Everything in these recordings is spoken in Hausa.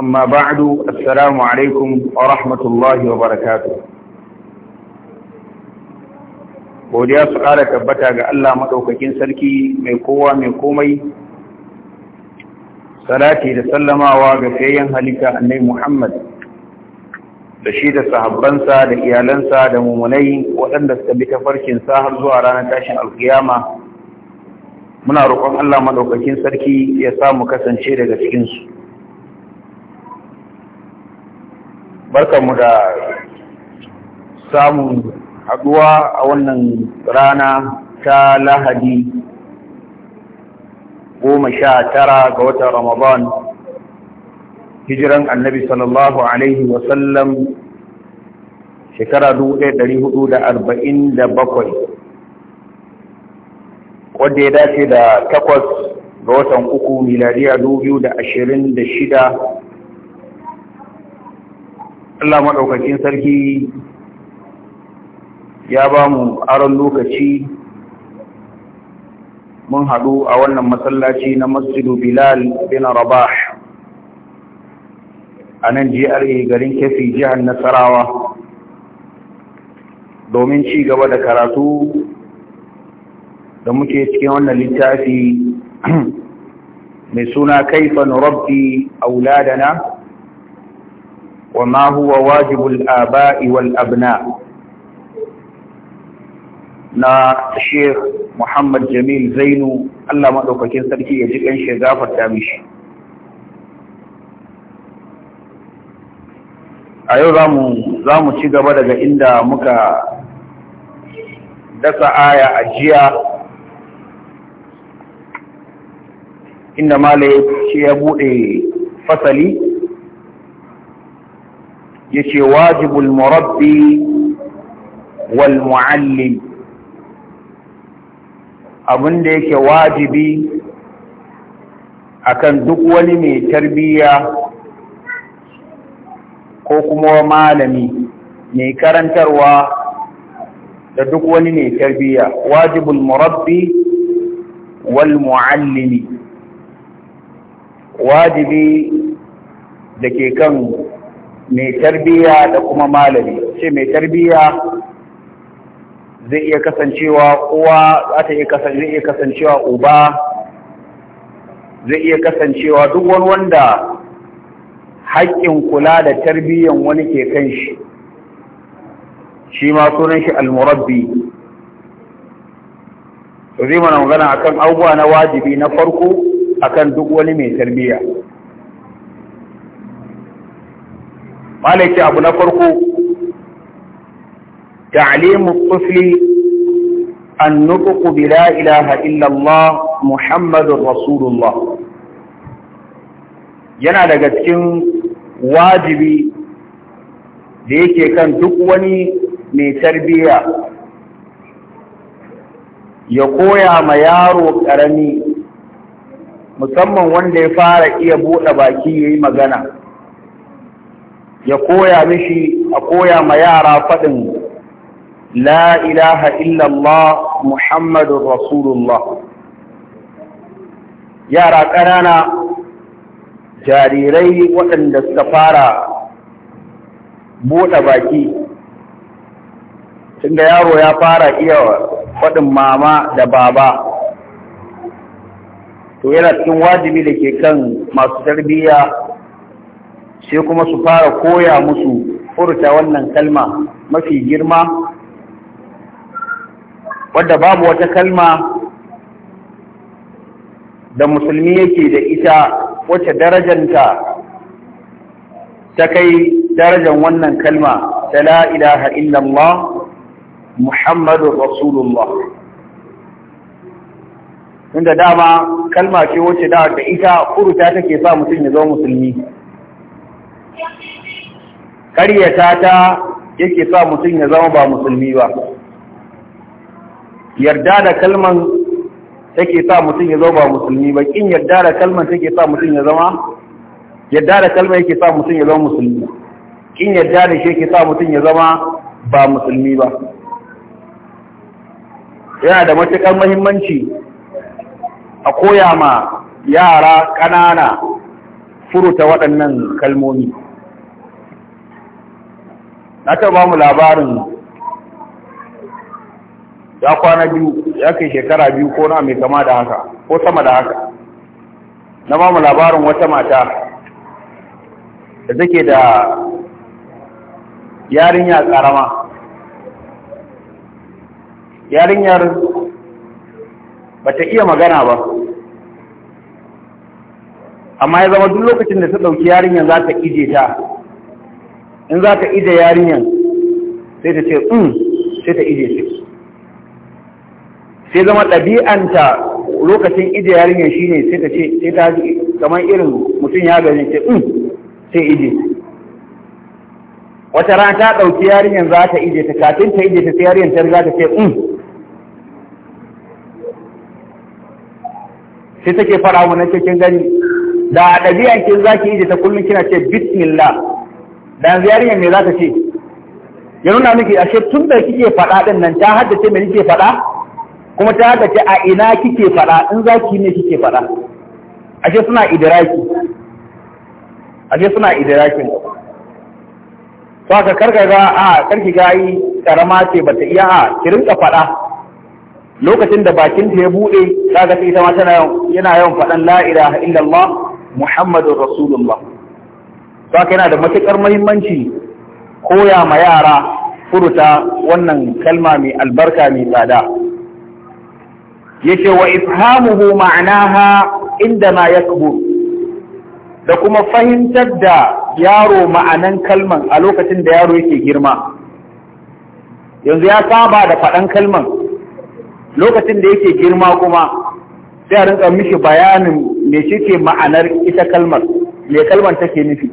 أما بعد السلام عليكم ورحمة الله وبركاته godiya su ƙara tabbata ga Allah maɗaukakin sarki mai kowa mai komai salati da sallamawa ga fayyan halitta annai Muhammad da shi da sahabbansa da iyalansa da mummunai waɗanda suka bi tafarkinsa har zuwa ranar tashin alkiyama muna roƙon Allah maɗaukakin sarki ya samu kasance daga cikinsu barkanmu da samun haduwa a wannan rana ta lahadi goma sha tara ga watan ramadan hijiran annabi sallallahu alaihi wasallam shekara bakwai, wadda ya dace da takwas ga watan uku miladiya shida. Allah maɗaukakin sarki ya ba mu aron lokaci mun haɗu a wannan masallaci na masjidu Bilal bin Rabah a nan GRA garin kefi jihar Nasarawa domin ci gaba da karatu da muke cikin wannan littafi mai suna kaifan rabbi auladana wa هو واجب الآباء والأبناء na Sheikh Muhammad Jamil Zainu Allah maɗaukakin sarki ya ji ƙan shi gafarta mishi. A yau za mu ci gaba daga inda muka dasa aya a jiya inda Mala ya buɗe fasali yace wajibul murabbi wal muallim abin da yake wajibi akan duk wani mai tarbiyya ko kuma malami mai karantarwa da duk wani mai tarbiyya wajibul murabbi wal muallimi wajibi da ke kan mai tarbiyya da kuma malami ce mai tarbiyya zai iya kasancewa uwa iya kasancewa uba zai iya kasancewa duk wani wanda haƙƙin kula da tarbiyyan wani ke kan shi shi ma sunan shi almurabbi to zai mana magana akan abubuwa na wajibi na farko akan duk wani mai tarbiyya malaki abu na farko alimu tufli an nutqu bi ilaha illallah Muhammadu Rasulullah yana daga cikin wajibi da yake kan duk wani mai tarbiyya ya koya ma yaro ƙarami musamman wanda ya fara iya buɗe baki ya yi magana ya koya mishi a koya ma yara faɗin la ilaha illallah muhammadun rasulullah yara ƙanana jarirai waɗanda suka fara buɗe baki Tun da yaro ya fara iya faɗin mama da baba to yana cikin wajibi da ke kan masu tarbiyya sai kuma su fara koya musu furta wannan kalma mafi girma wadda babu wata kalma da musulmi yake da ita wacce darajanta ta kai darajan wannan kalma ta la ilaha illallah muhammadun rasulullah inda dama kalma ce wacce da ita furuta take sa mutum ya zama musulmi ƙaryata ta yake sa mutum ya zama ba musulmi ba yarda da kalman take sa mutum ya zama ba musulmi ba kin yarda da kalman take sa mutum ya zama yarda da kalma yake sa mutum ya zama musulmi kin yarda da shi yake sa mutum ya zama ba musulmi ba yana da matuƙar muhimmanci a koya ma yara ƙanana furuta waɗannan kalmomi ta ba mu labarin ya kwana biyu ya kai shekara biyu ko na mai kama da haka ko sama da haka na ba mu labarin wata mata da take da yarinya karama yarinyar ba ta iya magana ba amma ya zama duk lokacin da ta ɗauki yarinyar za ta ije ta in za ka ije yarinyan sai ta ce um sai ta ije shi sai zama ɗabi'anta lokacin ije yarinyan shi ne sai ta ce sai ta haji kamar irin mutum ya gani ce um sai ije wata rana ta ɗauki yarinyan za ta ije ta kafin ta ije ta sai yarinyan ta ta ce um sai take fara mu na cikin gani da ɗabi'an kin za ki ije ta kullum kina ce bismillah dan ziyariyar me za ta ce ya nuna miki ashe tun da kike faɗa din nan ta haddace me kike faɗa kuma ta haddace a ina kike faɗa in za ki ne kike faɗa ashe suna idiraki ashe suna idirakin to aka karka ga a karki ga yi karama ce bata iya a ki rinka faɗa lokacin da bakin ta ya bude kaga ita ma tana yana yawan faɗan la ilaha illallah muhammadur rasulullah Saka yana da matuƙar muhimmanci koya ma yara furuta wannan kalma mai albarka mai tsada. yake wa ifhamuhu ma'anaha inda ma yakbur da kuma fahimtar da yaro ma'anan kalman a lokacin da yaro yake girma. Yanzu ya saba da faɗan kalman lokacin da yake girma kuma sai a rinka mishi bayanin me ce ma'anar ita kalmar, me kalmar take nufi.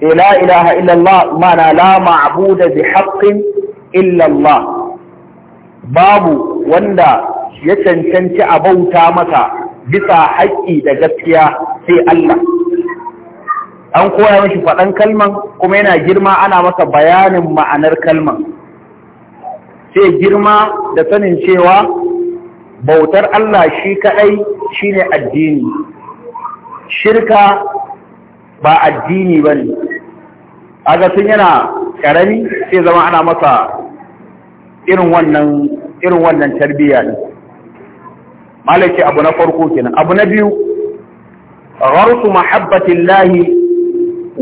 Eh, la ilaha illallah mana la ma'buda bi haqqin illallah babu wanda ya cancanci a bauta masa bisa haƙƙi da gaskiya sai Allah an koya mashi faɗan kalman kuma yana girma ana masa bayanin ma'anar kalman sai girma da sanin cewa bautar Allah shi kaɗai shine addini shirka ba addini ba ne kaga tun yana karami sai zama ana masa irin wannan irin wannan tarbiyya ne malaki abu na farko kenan abu na biyu gharsu mahabbatillahi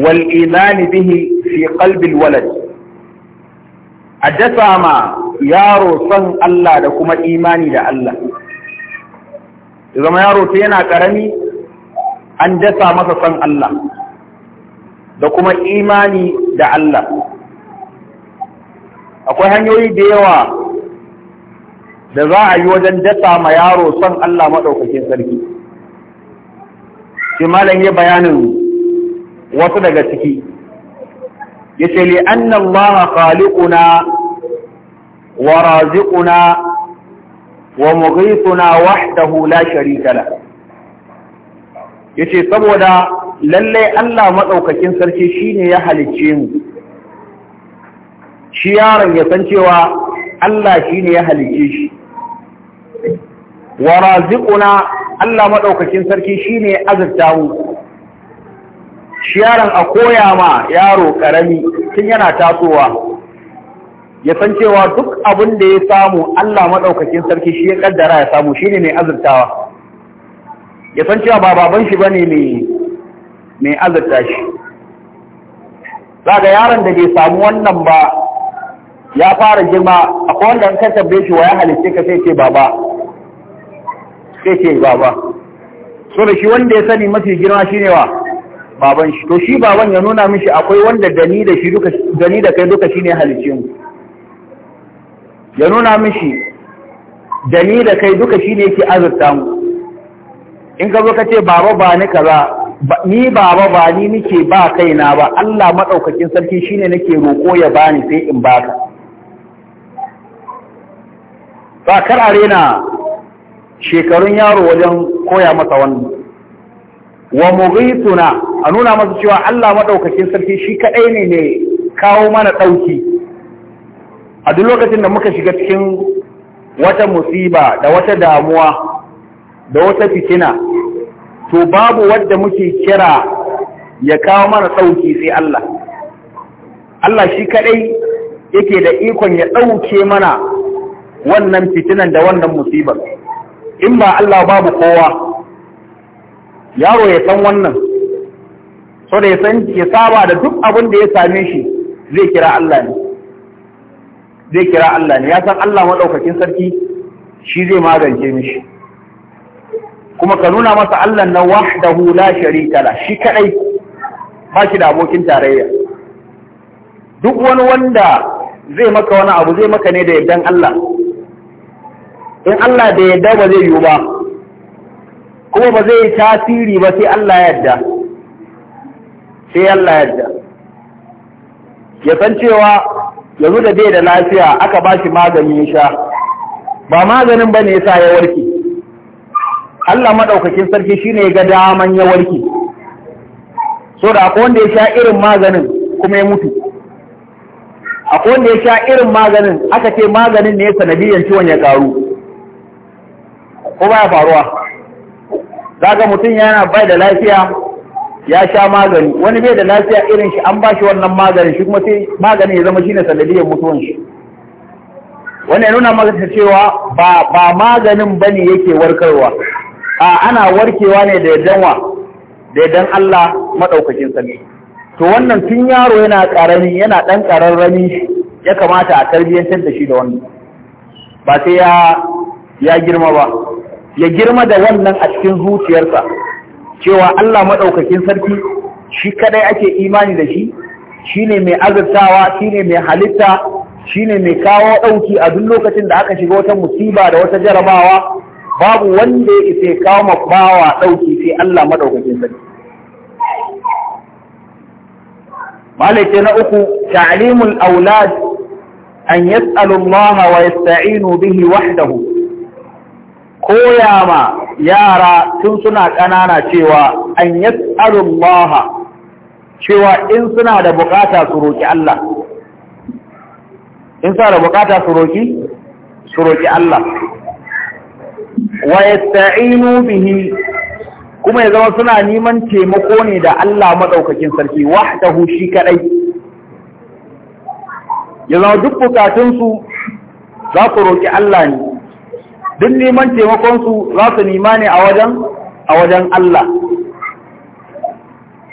wal imani bihi fi qalbi walad addasa ma yaro son Allah da kuma imani da Allah zama yaro ta yana karami an dasa masa son Allah da kuma imani da Allah akwai hanyoyi da yawa da za a yi wajen dasa ma yaro son Allah maɗaukakin sarki shi malam ya bayanin wasu daga ciki ya ce li annan maha khaliquna wa raziquna wa mughithuna wahdahu la sharika la yace saboda lallai Allah maɗaukakin sarki shine ya halicce mu shi yaron ya san cewa Allah shine ya halicce shi wa raziquna Allah maɗaukakin sarki shine ya azurta mu shi yaron a koya ma yaro ƙarami tun yana tasowa ya san cewa duk abin da ya samu Allah maɗaukakin sarki shi ya ƙaddara ya samu shine mai azurtawa ya san cewa ba baban shi bane mai mai azurta shi ga yaron da bai samu wannan ba ya fara girma akwai wanda ka tambaye shi wa ya halitta ka sai ce baba sai ce baba so da shi wanda ya sani mafi girma shi ne wa baban shi to shi baban ya nuna mishi akwai wanda dani da shi duka dani da kai duka shine halicce mu ya nuna mishi dani da kai duka shine yake azurta mu in ka zo ka ce baba ba ni kaza ni baba ba ni nake ba kaina ba Allah madaukakin sarki shine nake roko ya bani sai in baka ba kar arena shekarun yaro wajen koya masa wannan wa mughithuna a nuna masa cewa Allah madaukakin sarki shi kadai ne ne kawo mana dauki a duk lokacin da muka shiga cikin wata musiba da wata damuwa da wata fitina to babu wadda muke kira ya kawo mana ɗauki sai Allah Allah shi kaɗai yake da ikon ya ɗauke mana wannan fitinan da wannan musibar in ba Allah babu kowa yaro ya san wannan so da ya san ya saba da duk abin da ya same shi zai kira Allah ne zai kira Allah ne ya san Allah maɗaukakin sarki shi zai magance mishi kuma ka nuna masa Allah na wahdahu la sharika la shi kadai ba shi da abokin tarayya duk wani wanda zai maka wani abu zai maka ne da yardan Allah in Allah da yarda ba zai yiwu ba kuma ba zai tasiri ba sai Allah ya yarda sai Allah ya yarda ya san cewa yanzu da bai da lafiya aka ba shi maganin sha ba maganin ba ne ya sa ya warke Allah maɗaukakin sarki shi ya ga daman ya warke so da akwai wanda ya sha irin maganin kuma ya mutu akwai wanda ya sha irin maganin aka ce maganin ne sanadiyyar ciwon ya karu ko ya faruwa Za ga mutum yana bai da lafiya ya sha magani wani bai da lafiya irin shi an ba shi wannan maganin shi kuma sai maganin ya zama shi ne sanadiyyar mutuwan shi wani ya nuna maka cewa ba maganin ba ne yake warkarwa A'a ana warkewa ne da yadanwa da yadan Allah madaukakin sarki to wannan tun yaro yana karami yana dan kararrami ya kamata a tarbiyyantar da shi da wannan ba sai ya ya girma ba ya girma da wannan a cikin zuciyarsa cewa Allah maɗaukakin sarki shi kadai ake imani da shi shine mai azurtawa shine mai halitta shine mai kawo ɗauki a duk lokacin da aka shiga wata musiba da wata jarabawa babu wanda ya isa ya bawa ɗauki sai Allah madaukakin sarki. Malaka na uku, ta'limul aulad an yas'alu Allah wa yasta'inu bihi wahdahu. Koya ma yara tun suna ƙanana cewa an yas'alu Allah cewa in suna da bukata su roki Allah. In suna da bukata su roki? Su roƙi Allah. wa yasta'inu bihi kuma ya zama suna neman taimako ne da Allah madaukakin sarki wahdahu shi kadai ya zama duk bukatun su za ku roki Allah ne duk neman taimakon su za su nima ne a wajen a wajen Allah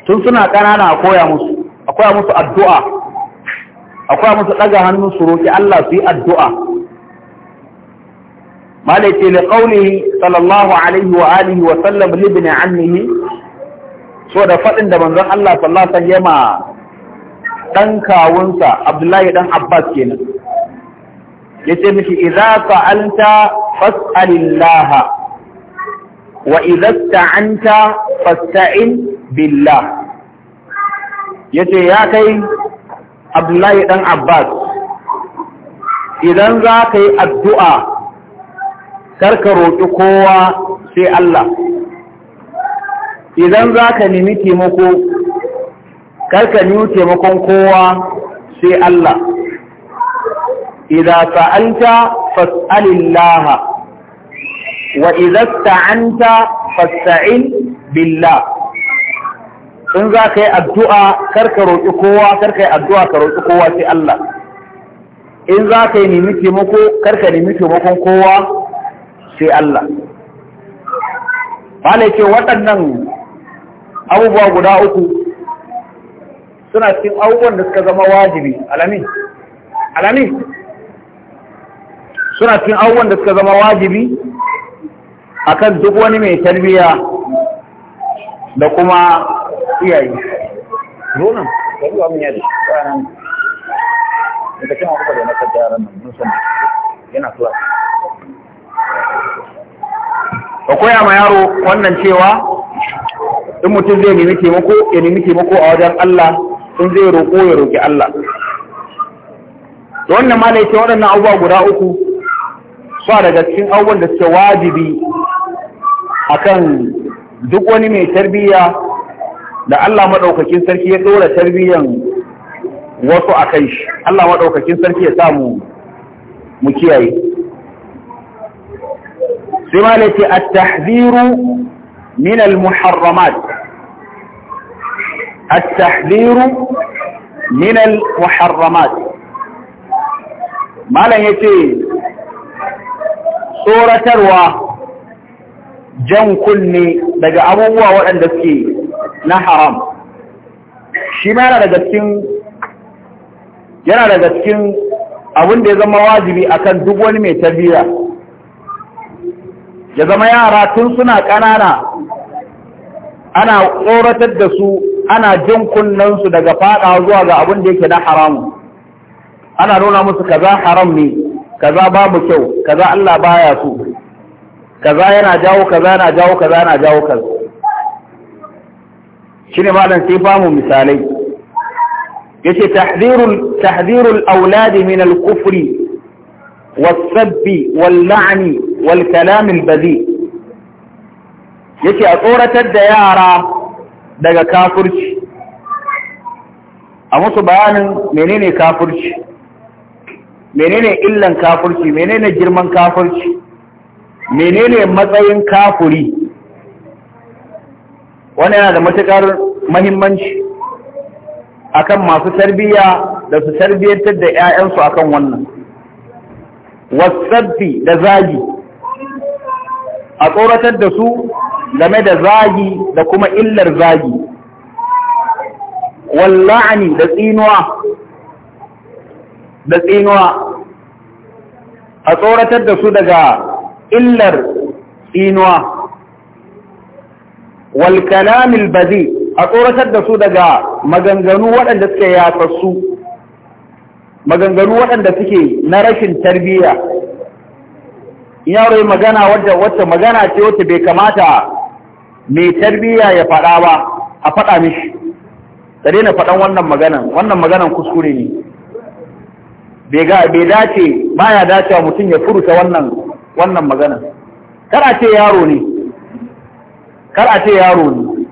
tun suna kanana a koya musu a koya musu addu'a a koya musu daga hannun su roki Allah su yi addu'a malai ce da ƙaunihi sallallahu alaihi wa alihi wa sallam libni annihi so da faɗin da manzon Allah Sallasa alaihi yama dan kawunsa Abdullahi ɗan Abbas kenan Ya yace mishi idza sa'alta fasalillaha, wa idza sta'anta fasta'in billah ce ya kai Abdullahi ɗan Abbas idan za ka yi addu'a karka roƙi kowa sai Allah idan za ka nemi taimako karka nemi taimakon kowa sai Allah idan sa'anta fas'alillaha wa idan sa'anta fas'a'in billah in za ka yi addu'a karka roƙi kowa karka yi addu'a ka roƙi kowa sai Allah in za ka yi nemi taimako karka nemi taimakon kowa sai Allah Malai ce waɗannan abubuwa guda uku suna cikin abubuwan da suka zama wajibi alamin alamin suna cikin abubuwan da suka zama wajibi akan duk wani mai tarbiyya da kuma iyaye ronan da ruwa mun yare ranar da kacin abubuwa da na kacce nan mun san yana kula ka koya ma yaro wannan cewa in mutum zai nemi taimako ya nemi taimako a wajen Allah in zai roƙo ya roƙi Allah da wannan malai ce waɗannan abubuwa guda uku sa daga cikin abubuwan da suke wajibi akan duk wani mai tarbiyya da Allah maɗaukakin sarki ya ɗora tarbiyyan wasu a kai shi Allah maɗaukakin sarki ya samu mu kiyaye sai ma da ce a tahziru minal muharramat at-tahziru muharramat malam yace tsoratarwa jan kunne daga abubuwa waɗanda suke na haram shi yana daga cikin yana daga cikin abin da ya zama wajibi akan duk wani mai tarbiyya ya zama yara tun suna ƙanana ana tsoratar da su ana jin kunnensu daga faɗa zuwa ga abin da yake na haramu ana nuna musu kaza haram ne kaza babu kyau kaza Allah baya su. kaza yana jawo kaza yana jawo kaza yana jawo kaza shine malam sai famu misalai yace tahdhirul tahdhirul auladi min al-kufri was-sabbi wal-la'ni wal kalamin badi yake a tsoratar da yara daga kafurci a musu bayanin menene kafurci menene illan kafurci menene girman kafurci menene matsayin kafuri wani yana da matuƙar mahimmanci akan masu tarbiyya da su tarbiyyantar da 'ya'yansu akan wannan wasabbi da zagi a tsoratar da su game da zagi da kuma illar zagi walla'ani da tsinuwa da tsinuwa a tsoratar da su daga illar tsinuwa wal kalamil bazi a tsoratar da su daga maganganu waɗanda suke yafassu maganganu waɗanda suke na rashin tarbiyya yaro magana wadda wacce magana ce wacce bai kamata mai tarbiyya ya faɗa ba a faɗa mishi ka daina faɗan wannan maganan wannan maganan kuskure ne bai ga bai dace baya wa mutum ya furta wannan wannan maganan kar a ce yaro ne kar a ce yaro ne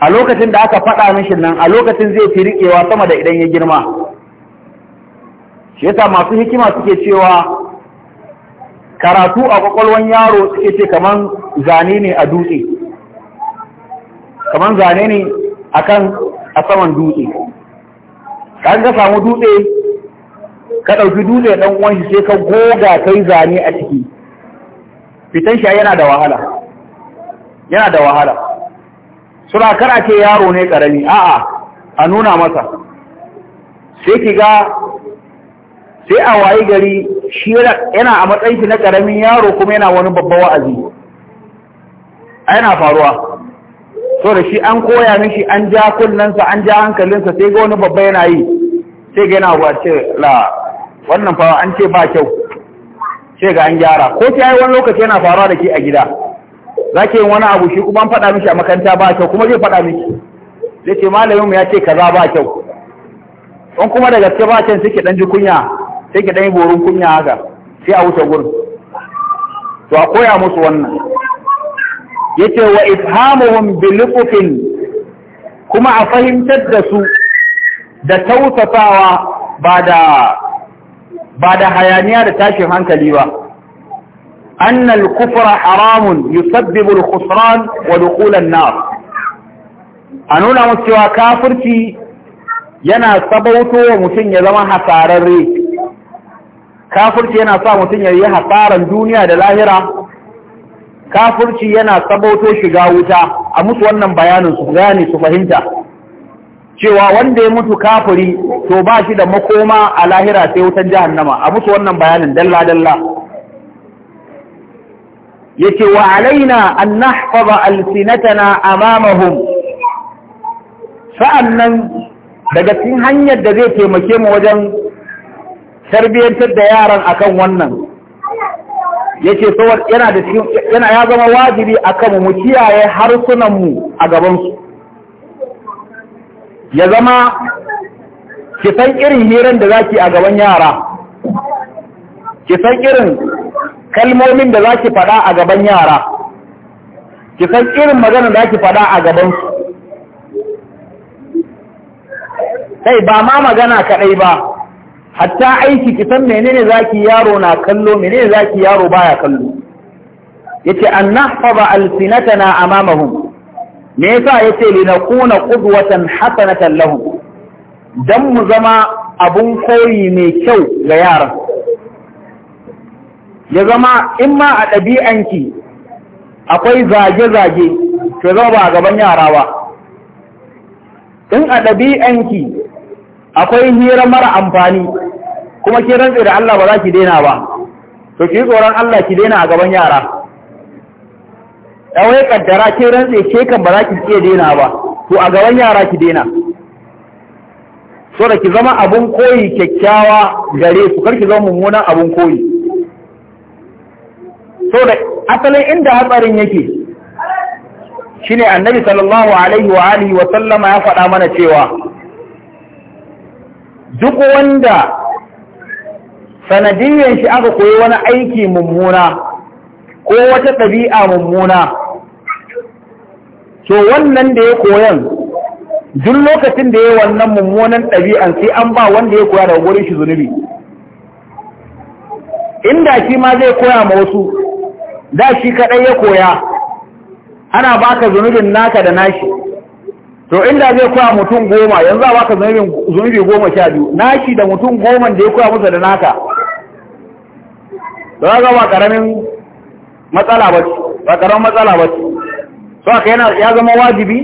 a lokacin da aka faɗa mishi nan a lokacin zai fi riƙewa sama da idan ya girma shi yasa masu hikima suke cewa karatu a kwakwalwan yaro suke ce kaman zane ne a dutse kaman zane ne akan a saman dutse kan ka samu dutse ka ɗauki dutse ɗan uwanshi shi sai ka goga kai zane a ciki fitan sha yana da wahala yana da wahala sura kara ce yaro ne ƙarami. a'a a nuna masa sai ki ga sai a wayi gari shi yana a matsayin shi na karamin yaro kuma yana wani babban wa'azi yana faruwa so da shi an koya mishi an ja kullansa, an ja hankalinsa sai ga wani babba yana yi sai ga yana wace la wannan fa an ce ba kyau sai ga an gyara ko sai wani lokaci yana faruwa da ke a gida zake yin wani abu shi kuma an faɗa mishi a makaranta ba kyau kuma zai faɗa miki zai ce malamin mu ya ce kaza ba kyau in kuma da gaske ba kyan suke dan ji kunya sai ki ɗan yi borin kunya haka sai a wuce gurin to a koya musu wannan yace wa ifhamuhum bilqufin kuma a fahimtar da su da tausasawa ba da hayaniya da tashin hankali ba annal kufra haramun yusabbibu al-khusran wa dukhul nar a nuna musu cewa kafirci yana sabauto wa mutum ya zama hasararre Kafurci yana sa mutum ya yi hasaran duniya da lahira Kafurci yana saboto shiga wuta a musu wannan bayanin su gane su fahimta cewa wanda ya mutu kafuri, to ba shi da makoma a lahira sai wutan jahannama a musu wannan bayanin dalla dalla ce wa alaina an nahfaza alsinatana amamahum sa'annan daga cikin hanyar da zai taimake mu wajen Tarbiyyantar da yaran akan wannan yake saboda yana da cikin yana ya zama wajibi akan mu kiyaye harsunanmu a gabansu. ya zama ki san irin hirar da zaki a gaban yara ki san irin kalmomin da zaki faɗa a gaban yara ki san irin magana da zaki faɗa a gaban su sai ba ma magana kaɗai ba hatta aiki ki san menene zaki yaro na kallo menene zaki yaro baya kallo yace an nahfaza alsinatana amamahum me yasa yace nakuna qudwatan hasanatan lahum dan mu zama abun koyi mai kyau ga yara ya zama in ma a ɗabi'anki akwai zage-zage to zama ba gaban yara ba in a ɗabi'anki akwai hira mara amfani kuma ki rantse da Allah ba za ki daina ba to ki tsoron Allah ki daina a gaban yara ya wai kaddara ki rantse ke kan ba za ki iya daina ba to a gaban yara ki daina so da ki zama abun koyi kyakkyawa gare su kar ki zama mummunan abun koyi so da asalin inda hatsarin yake shine annabi sallallahu alaihi wa alihi wa sallama ya faɗa mana cewa duk wanda sanadiyyar shi aka koyi wani aiki mummuna ko wata ɗabi'a mummuna to wannan da ya koyan duk lokacin da ya wannan mummunan ɗabi'an sai an ba wanda ya koya da wurin shi zunubi inda shi ma zai koya ma wasu da shi kaɗai ya koya ana baka zunubin naka da nashi to inda zai koya mutum goma yanzu a baka zunubi goma sha biyu nashi da mutum goma da ya koya musa da naka za ba karamin matsala ba ce ba karamin matsala ba ce so aka yana ya zama wajibi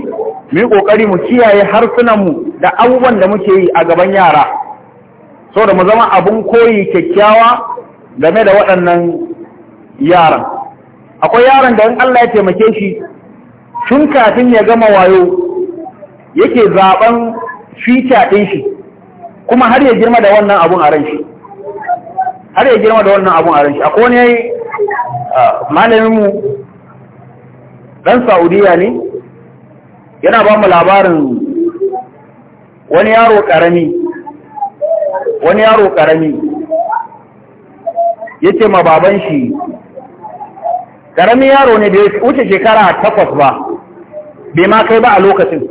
mu yi kokari mu kiyaye harsunanmu da abubuwan da muke yi a gaban yara so da mu zama abin koyi kyakkyawa game da waɗannan yaran akwai yaran da in Allah ya taimake shi tun kafin ya gama wayo yake zaben fita ɗin shi kuma har ya girma da wannan abun a ran shi har ya girma da wannan abun a ran A kone malaminmu yayi malamin mu dan Saudiya ne yana ba mu labarin wani yaro karami wani yaro karami yace ma baban shi karami yaro ne bai wuce shekara takwas ba bai ma kai ba a lokacin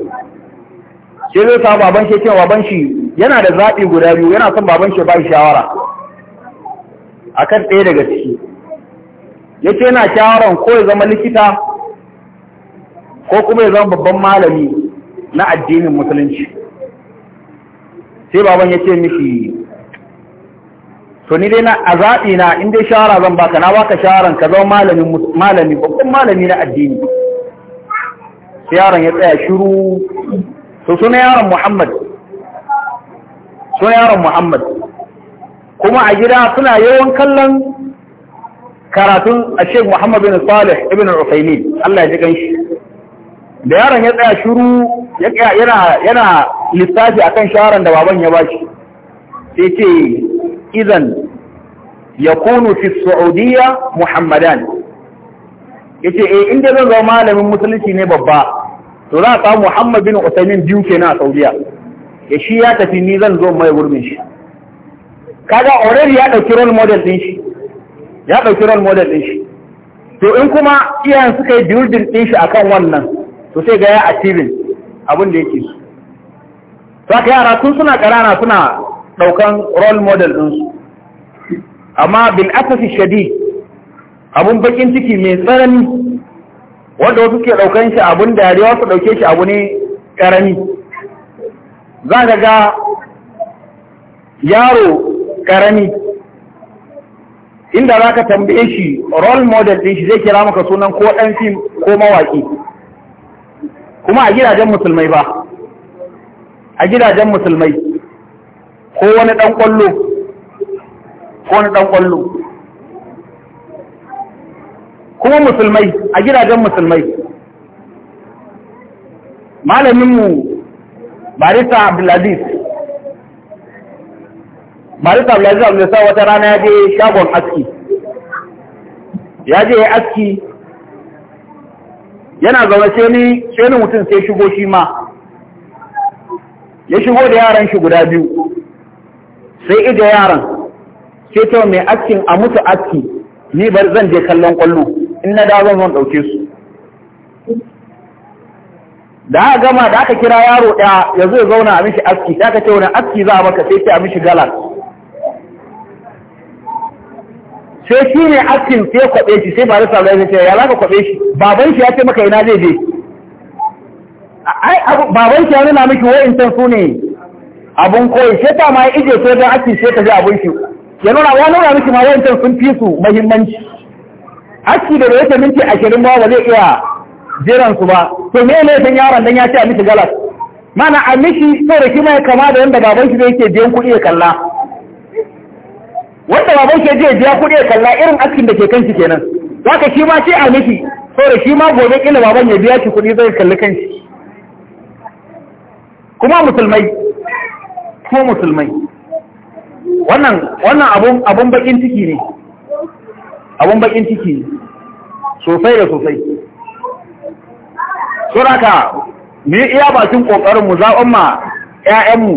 sai zai sa baban shi cewa baban shi yana da zaɓi guda biyu yana son baban shi ba shawara A kan ɗaya daga ciki ce na kyawaran ko ya zama likita ko kuma ya zama babban malami na addinin musulunci sai baban ya ce mishi to ni dai na a zaɓi na in dai shawara zan baka na baka shawaran ka zama malamin malami babban malami na addini yaron ya tsaya shiru to suna yaron Muhammad suna yaron Muhammad kuma a gida suna yawan kallon karatun a sheikh Muhammad bin Salih ibn Usaini Allah ya ji ganshi da yaron ya tsaya shiru yana yana lissafi akan shawaran da baban ya bashi sai ce idan yakunu fi Saudiya Muhammadan yace eh inda zan zama malamin musulunci ne babba to za ka Muhammad bin Usaini biyu kenan a Saudiya ya shi ya tafi ni zan zo mai gurbin shi kaga already ya ɗauki role model ɗin shi ya ɗauki role model ɗin shi to in kuma iyayen suka yi building ɗin shi akan wannan to sai ga ya achieving abin da yake su to haka yara tun suna ƙarana suna ɗaukan role model ɗinsu amma bil akasi shadi abun bakin ciki mai tsanani wanda wasu ke ɗaukan shi abun dariya wasu ɗauke shi abu ne ƙarami za ka ga yaro karami inda za ka tambaye shi role model ɗin shi zai kira maka sunan ko ɗan fim ko mawaƙi kuma a gidajen musulmai ba a gidajen musulmai ko wani ɗan ƙwallo ko wani ɗan ƙwallo kuma musulmai a gidajen musulmai malaminmu barista abdulaziz marisa abdulaziz abdulaziz wata rana ya je shagon aski ya je aski yana zaune sai ni mutum sai shigo shi ma ya shigo da yaran shi guda biyu sai ida yaran sai ta mai askin a mutu aski ni bar zan je kallon kwallo in na dawo zan dauke su da aka gama da aka kira yaro ɗaya ya zo zauna a mishi aski da aka ce wani aski za a baka sai ce a mishi galas sai shi ne aktin sai kwaɓe shi sai ba da sabon ya ce ya za ka kwaɓe shi baban shi ya ce maka ina zai je baban shi ya nuna miki wa'incan su ne abun koyi sai ta ma ya ije so don aktin sai ka ji abun shi ya nuna ya nuna miki ma wa'incan sun fi su mahimmanci akti da bai yake minti ashirin ba ba zai iya jiran su ba to me ne san yaron dan ya ce a miki galas mana a miki sai da kima ya kama da yanda baban shi da yake biyan kuɗi ya kalla wanda baban ke je biya kuɗi ya kalla irin askin da ke kan shi kenan zaka shi ma ce a nufi, saboda shi ma gobe kila baban ya biya shi kuɗi zai kalli shi. kuma musulmai kuma musulmai wannan wannan abun abun bakin ciki ne abun bakin ciki ne sosai da sosai suraka mu iya bakin kokarin mu zaɓan ma ƴaƴanmu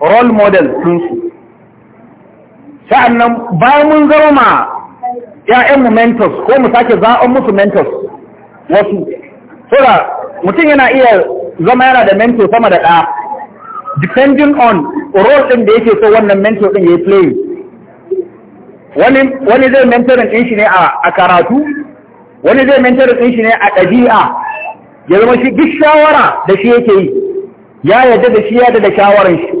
role model sun su sa'annan bayan mun zama 'ya'yan ‘ya’yan mentors ko mu sake za'on musu mentors wasu saboda mutum yana iya zama yana da mentor sama da ɗa depending on role ɗin da yake so wannan mento ɗin ya yi play wani zai mentorin ɗin shi ne a karatu wani zai mentorin ɗin shi ne a ɗabi'a ya zama shi duk shawara da shi yake yi ya yadda da shi ya da shawarar shi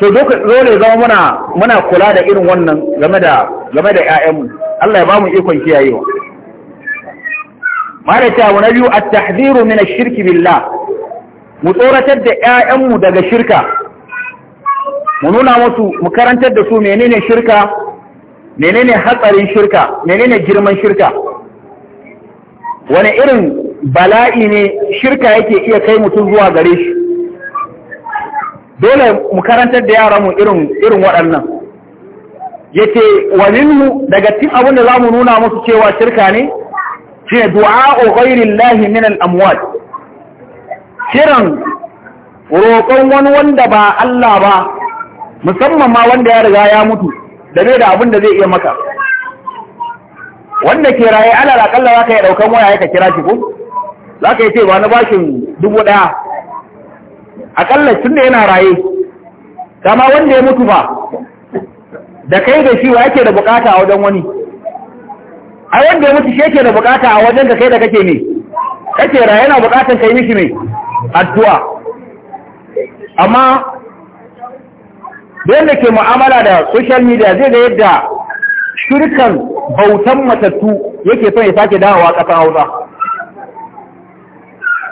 so duka dole zama muna muna kula da irin wannan game da game da ƴaƴanmu Allah ya bamu ikon kiyayewa ta wa nabiyu at-tahdhiru min ash-shirk billah mu tsoratar da ƴaƴanmu daga shirka mu nuna musu mu karantar da su menene shirka menene hatsarin shirka menene girman shirka wani irin bala'i ne shirka yake iya kai mutum zuwa gare shi dole mu karantar da yaranmu irin irin waɗannan yake walinhu daga cikin abin da zamu nuna musu cewa shirka ne shine du'a'u llahi min al-amwat kiran roƙon wani wanda ba Allah ba musamman ma wanda ya riga ya mutu da bai da abin da zai iya maka wanda ke raye alal za zaka yi daukan waya ka kira shi ko zaka yi ce ba na bashin dubu ɗaya akalla tun da yana raye kama wanda ya mutu ba da kai da shi wa yake da bukata a wajen wani a wanda ya mutu shi yake da bukata a wajen ka kai da kake ne kake raye na bukatan kai mishi ne addu'a amma da ke mu'amala da social media zai ga yadda shirkan bautan matattu yake son ya sake dawowa ƙasar hausa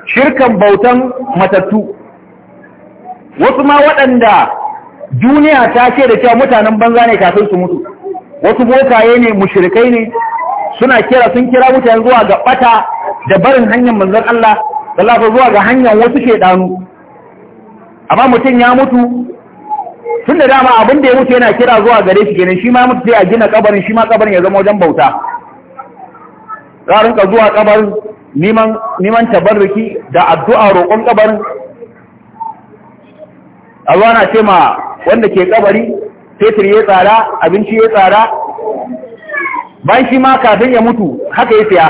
shirkan bautan matattu wasu ma waɗanda duniya ta ce da cewa mutanen banza ne kafin su mutu wasu bokaye ne mushrikai ne suna kira sun kira mutane zuwa ga bata da barin hanyar manzon Allah sallallahu zuwa ga hanyar wasu shedanu amma mutum ya mutu tun da dama abin da ya mutu yana kira zuwa gare shi kenan shi ma mutu sai a gina kabarin shi ma kabarin ya zama wajen bauta za a rinka zuwa kabarin neman tabarruki da addu'a roƙon kabarin Allah na ce ma wanda ke kabari fetur ya tsara abinci ya tsara bayan shi ma kafin ya mutu haka ya siya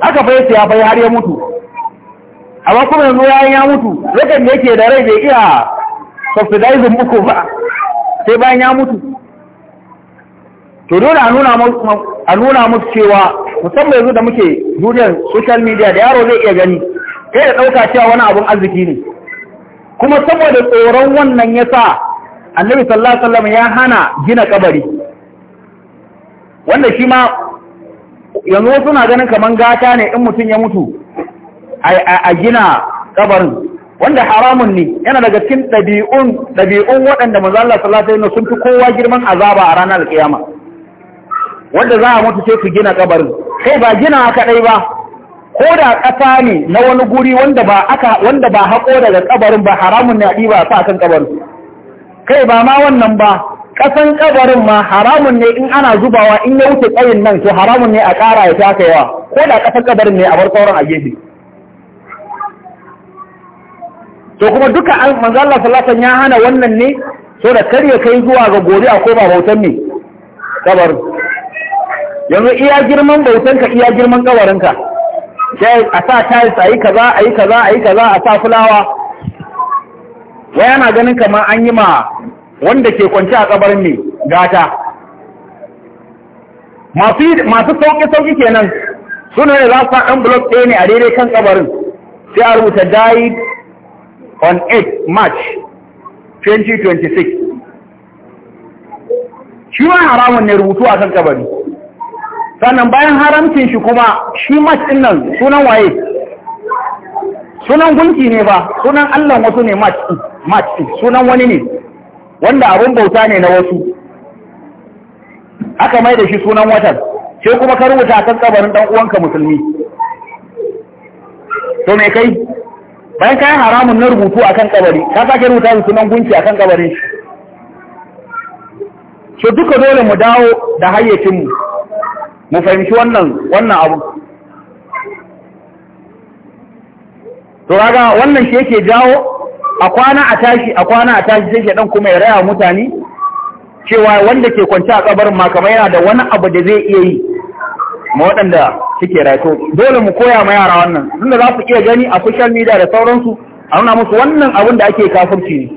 haka fa ya siya bai har ya mutu amma kuma yanzu yayin ya mutu lokacin da yake da rai bai iya subsidizing muku ba sai bayan ya mutu to dole a nuna musu cewa musamman yanzu da muke duniyar social media da yaro zai iya gani kai da ɗauka cewa wani abun arziki ne kuma saboda tsoron wannan ya sa annabi sallallahu alaihi wasallam ya hana gina kabari wanda shi ma yanzu suna ganin kaman gata ne in mutum ya mutu a gina kabarin wanda haramun ne yana daga cikin ɗabi'un ɗabi'un waɗanda manzo Allah sallallahu alaihi wasallam sun fi kowa girman azaba a ranar kiyama wanda za a mutu sai ku gina kabarin kai ba gina ka dai ba ko da ƙasa ne na wani guri wanda ba aka wanda ba haƙo daga kabarin ba haramun ne a ɗiba sa kan kabarin kai ba ma wannan ba ƙasan kabarin ma haramun ne in ana zubawa in ya wuce tsayin nan to haramun ne a ƙara ya takaiwa ko da ƙasan kabarin ne a bar sauran a gefe to kuma duka an manzala sallallahu ya hana wannan ne so da kar ya kai zuwa ga gori a koma bautan ne kabarin yanzu iya girman bautanka iya girman kabarinka sai a sa tiles a yi kaza a yi kaza a yi kaza a sa fulawa wai yana ganin kamar an yi ma wanda ke kwanci a kabarin ne gata masu sauƙi-sauƙi kenan suna ne za su ɗan blok ɗaya ne a daidai kan kabarin sai a rubuta died on 8 march 2026 shi wani haramun ne rubutu a kan kabari sannan bayan haramcin shi kuma shi mash din nan sunan waye sunan gunki ne ba sunan Allah wasu ne mash ɗin, sunan wani ne wanda abun bauta ne na wasu aka mai da shi sunan watan sai kuma ka rubuta kan kabarin dan uwanka musulmi to me kai bayan kayan haramun na rubutu akan kabari ka sake rubuta sunan gunki akan kabarin shi so duka dole mu dawo da hayyacinmu mu fahimci wannan wannan abu to kaga wannan shi yake jawo a kwana a tashi a kwana a tashi sai shedan kuma ya raya mutane cewa wanda ke kwance a kabarin ma kamar yana da wani abu da zai iya yi ma waɗanda suke rayu dole mu koya ma yara wannan tunda za su iya gani a social media da sauransu a nuna musu wannan abin da ake kafirci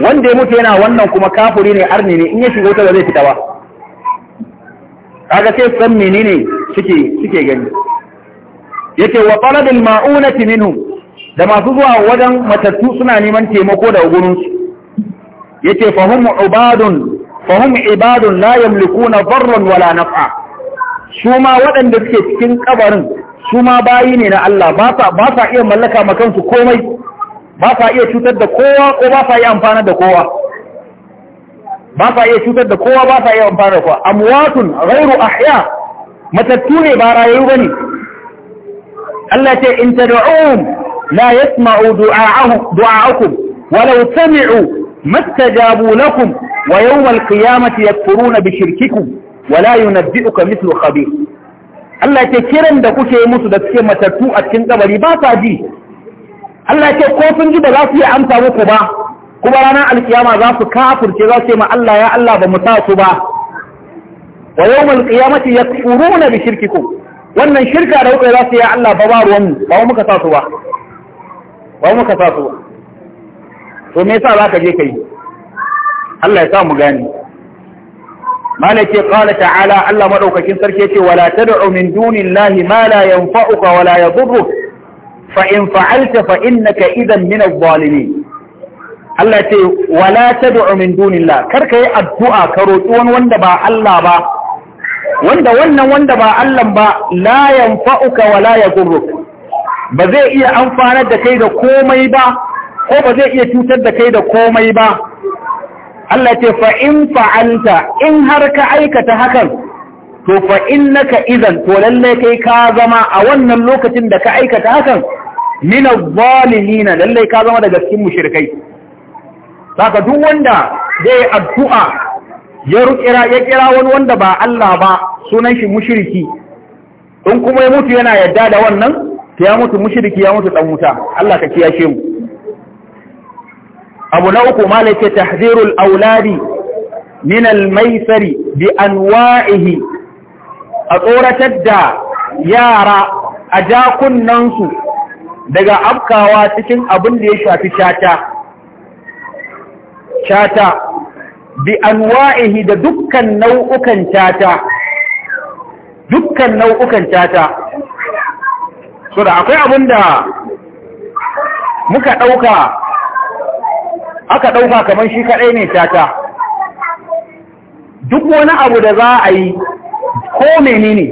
ne wanda ya mutu yana wannan kuma kafiri ne arni ne in ya shiga wuta ba zai fita ba kaga sai san menene suke suke gani yake wa talabil ma'unati minhum da masu zuwa wajen matattu suna neman taimako da gurin su yake fahum ubadun fahum ibadun la yamlikuna darran wala naf'a su ma waɗanda suke cikin kabarin su ma bayi ne na Allah ba sa iya mallaka makansu komai ba sa iya cutar da kowa ko ba sa iya amfana da kowa ba sa iya cutar da kowa ba sa iya amfana da kowa amwatun ghairu ahya matattu ne ba rayu bane Allah ce in tad'uhum la yasma'u du'a'ahum du'a'akum walau sami'u mastajabu lakum wa yawm al-qiyamati yakfuruna bi shirkikum wa la yunabbi'uka mithlu khabir Allah ce kiran da kuke musu da suke matattu a cikin kabari ba sa ji Allah ce ko sun ji ba za su yi amsa muku ba kuma ranar alkiyama za su kafirce za su ma Allah ya Allah ba mu sa su ba wa yawmal qiyamati yakfuruna bi shirkikum wannan shirka da kuka za su ya Allah ba ba ruwan mu ba muka sa su ba ba muka sa su ba to me yasa zaka je kai Allah ya sa mu gani malaka qala ta'ala Allah madaukakin sarki yace wala tad'u min dunillahi ma la yanfa'uka wala la yadurruk fa in fa'alta fa innaka idan min adh-dhalimin Allah ce wala tad'u min dunillah kar yi addu'a ka roƙi wani wanda ba Allah ba wanda wannan wanda ba Allah ba la yanfa'uka wala yadurruk ba zai iya amfanar da kai da komai ba ko ba zai iya cutar da kai da komai ba Allah ce fa in fa'alta in har ka aikata hakan to fa innaka idan to lalle kai ka zama a wannan lokacin da ka aikata hakan min adh-dhalimin lalle ka zama daga cikin mushrikai saka duk wanda zai addu'a ya rukira kira wani wanda ba Allah ba sunan shi mushiriki, in kuma ya mutu yana yadda da wannan to ya mutu mushiriki ya mutu ɗan wuta Allah ka kiyashe mu abu na uku ta tahzirul auladi minal mai maisari bi wa'ihi. a tsoratar da yara a jakunansu daga afkawa cikin abin da ya shafi shata cata bi anwa'ihi da dukkan nau'ukan cata dukkan nau'ukan cata so da akwai abin da muka ɗauka aka ɗauka kamar shi kaɗai ne chata. duk wani abu da za a yi ko menene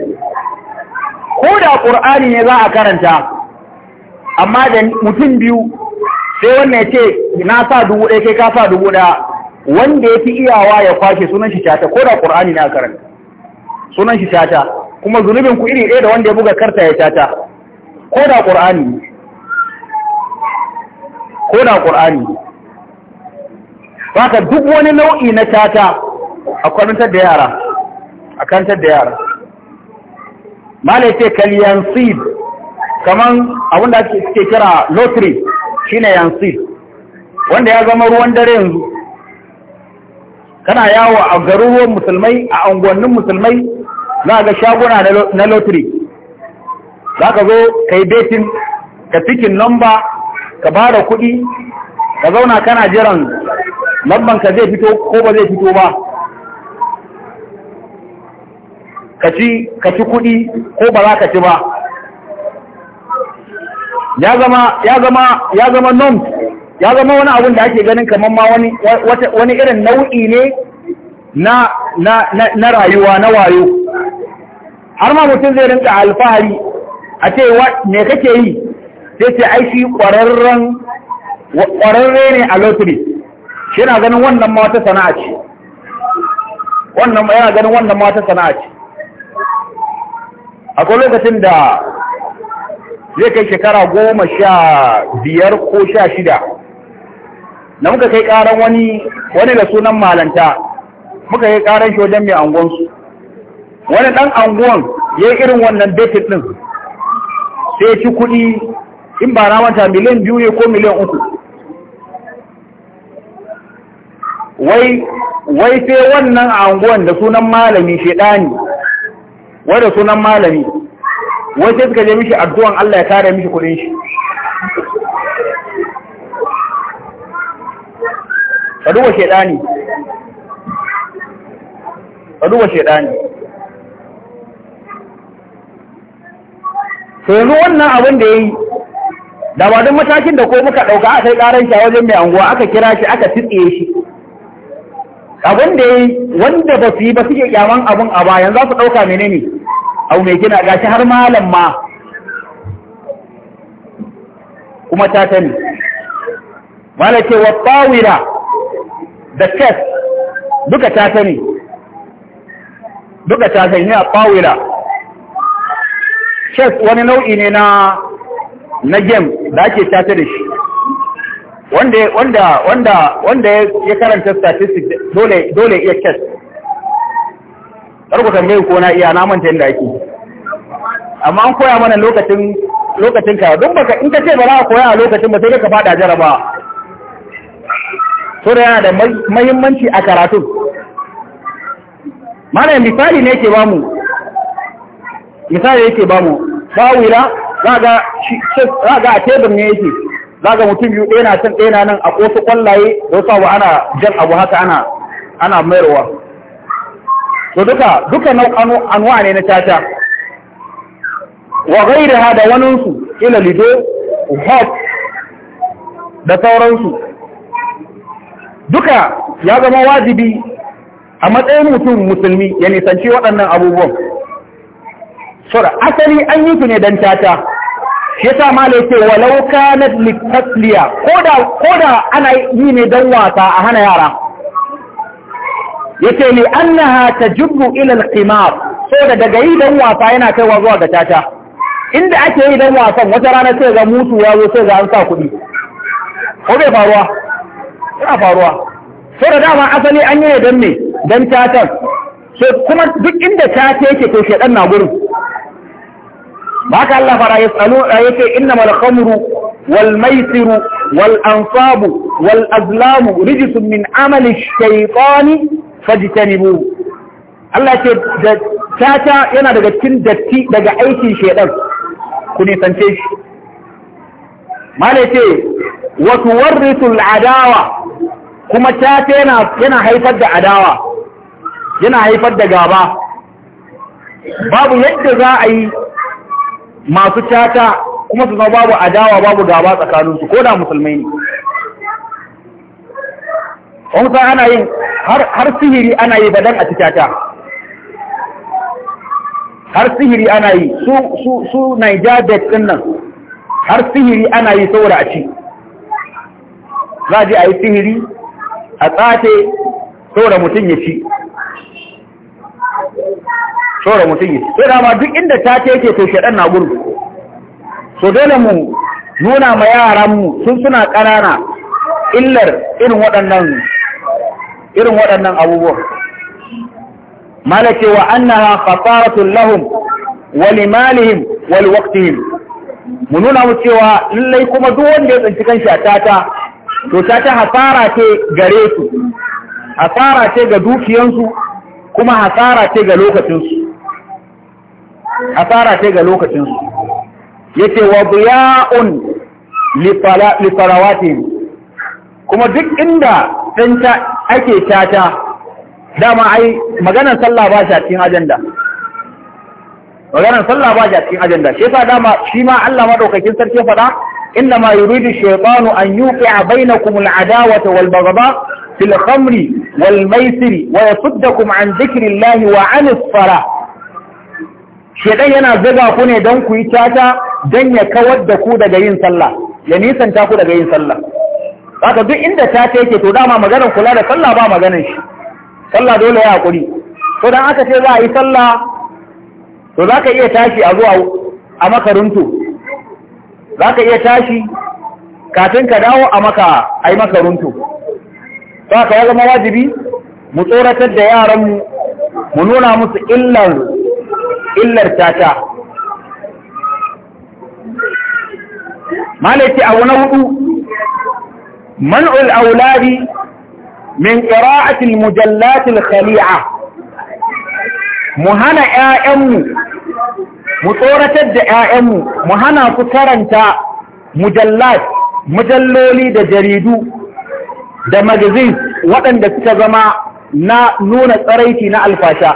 ko da ƙur'ani ne za a karanta amma da mutum biyu sai wannan ya ce na sa dubu ɗaya kai ka sa dubu ɗaya wanda ya fi iyawa ya kwashe sunan shi tata ko da ƙur'ani na karanta sunan shi tata kuma zunubin ku iri ɗaya da wanda ya buga karta ya tata ko da ƙur'ani ko da ƙur'ani baka duk wani nau'i na tata a karantar da yara a karantar da yara malai ce kalyan seed kaman abinda ake kira lottery shine yansi. wanda ya zama ruwan dare yanzu kana yawo a garuruwan musulmai a unguwannin musulmai za ga shaguna na lottery za ka zo ka yi betin ka cikin lamba ka ba da kuɗi ka zauna kana jiran lamban ka zai fito ko ba zai fito ba ka ci kuɗi ko ba za ka ci ba ya zama ya zama ya zama norm ya zama wani abun da ake ganin kamar ma wani wani irin nau'i ne na na na rayuwa na wayo har ma mutum zai rinka alfahari a ce me kake yi sai ce ai shi ƙwararren ne a lottery shi na ganin wannan ma wata sana'a ce wannan yana ganin wannan ma wata sana'a ce akwai lokacin da zai kai shekara goma sha biyar ko sha shida na muka kai karan wani wani da sunan malanta muka kai karan shi wajen mai angonsu wani ɗan anguwan ya yi irin wannan datit ɗin, sai ci kuɗi in ba na manta miliyan biyu ne ko miliyan uku wai sai wannan anguwan da sunan malami shedani wai da sunan malami wai sai suka je mishi addu'an Allah ya kare mishi kuɗin shi ka duba shaidani ka duba shaidani Sai yanzu wannan abin da ya yi da ba don matakin da ko muka ɗauka aka yi ƙaran shi a wajen mai anguwa aka kira shi aka fitse shi abin da ya yi wanda ba su yi ba suke kyaman abin a bayan za su ɗauka menene au mai gina gashi har malam ma kuma ta tani. malam ce wa tawira da kes duka ta tani, duka ta sani ne a tawira kes wani nau'i ne na na gem da ake tata da shi wanda wanda wanda wanda ya karanta statistics dole dole iya kes kar ku tambaye ko na iya na manta yadda ake amma an koya mana lokacin lokacin ka duk baka in ka ce ba za ka koya a lokacin ba sai ka fada jaraba so da yana da muhimmanci a karatu mana misali ne yake ba mu misali yake ba mu bawira za ga a tebur ne yake za ga mutum biyu ɗaya na can ɗaya nan a ƙosu ƙwallaye da wasu abu ana jan abu haka ana ana mayarwa to duka duka anwa ne na caca wa ha da waninsu ila lido hot da sauransu duka ya zama wajibi a matsayin mutum musulmi ya nisanci waɗannan abubuwan so da asali an yi su ne don caca shi sa ma wa lauka na litasliya ko da ana yi ne don wasa a hana yara yace li annaha ta ila al-qimar saboda daga yi dan wasa yana kaiwa zuwa ga tata inda ake yi dan wasan wata rana sai ga mutu ya zo sai ga an sa kuɗi ko bai faruwa yana faruwa saboda dama asali an yi dan me dan tatan so kuma duk inda tata yake to shedan na gurin ba ka Allah fara yasalu yake innamal khamru wal maisiru wal ansabu wal azlamu rijsun min amali shaytani fajitanibu Allah ce da tata yana daga cikin datti daga aikin shedan ku nisance shi mala ce wa al'adawa kuma tata yana yana haifar da adawa yana haifar da gaba babu yadda za a yi masu tata kuma su zama babu adawa babu gaba tsakaninsu ko da musulmai ne wani ana yin har sihiri ana yi badan a cikata har sihiri ana yi su naija Niger bet din nan har sihiri ana yi saura a ci za a je a yi sihiri a tsace saura mutum ya ci saura mutum ya ci sai ma duk inda ta ce ke to shaɗan na gurgu so dole mu nuna ma yaranmu sun suna ƙanana illar irin waɗannan irin waɗannan abubuwan malake wa annaha fasaratun lahum wani malihin, wani mu nuna mu cewa lallai kuma duk wanda ya tsinci kanshi a tata to tata hasara ce gare su hasara ce ga dukiyansu kuma hasara ce ga lokacinsu hasara ce ga lokacinsu yake wa biya'un li farawatihim kuma duk inda tanta ake tata dama ai maganar sallah ba shi a cikin ajanda maganar sallah ba shi a cikin ajanda shi yasa dama shi ma Allah madaukakin sarki faɗa inna ma yuridu shaytanu an yuqi'a bainakum al'adawata wal baghda fil khamri wal maisiri wa yasuddakum an dhikrillahi wa 'anis salah shedan yana zaga ku ne don ku yi tata don ya kawar da ku daga yin sallah ya nisanta ku daga yin sallah haka duk inda ta ce yake to dama maganar kula da sallah ba maganar shi sallah dole ya hakuri to dan aka ce za a yi sallah to za ka iya tashi a zuwa a makarunto. za ka iya tashi kafin ka dawo a maka a yi makaruntu to ya zama wajibi mu tsoratar da yaranmu mu nuna musu illar illar tata malaki abu na hudu منع الأولاد من قراءة المجلات الخليعة مهنا آئم مطورة آئم مهنا كترنت مجلات مجلولي دا جريدو دا مجزيز وطن دا كتزما نا نون تريتي نا الفاشا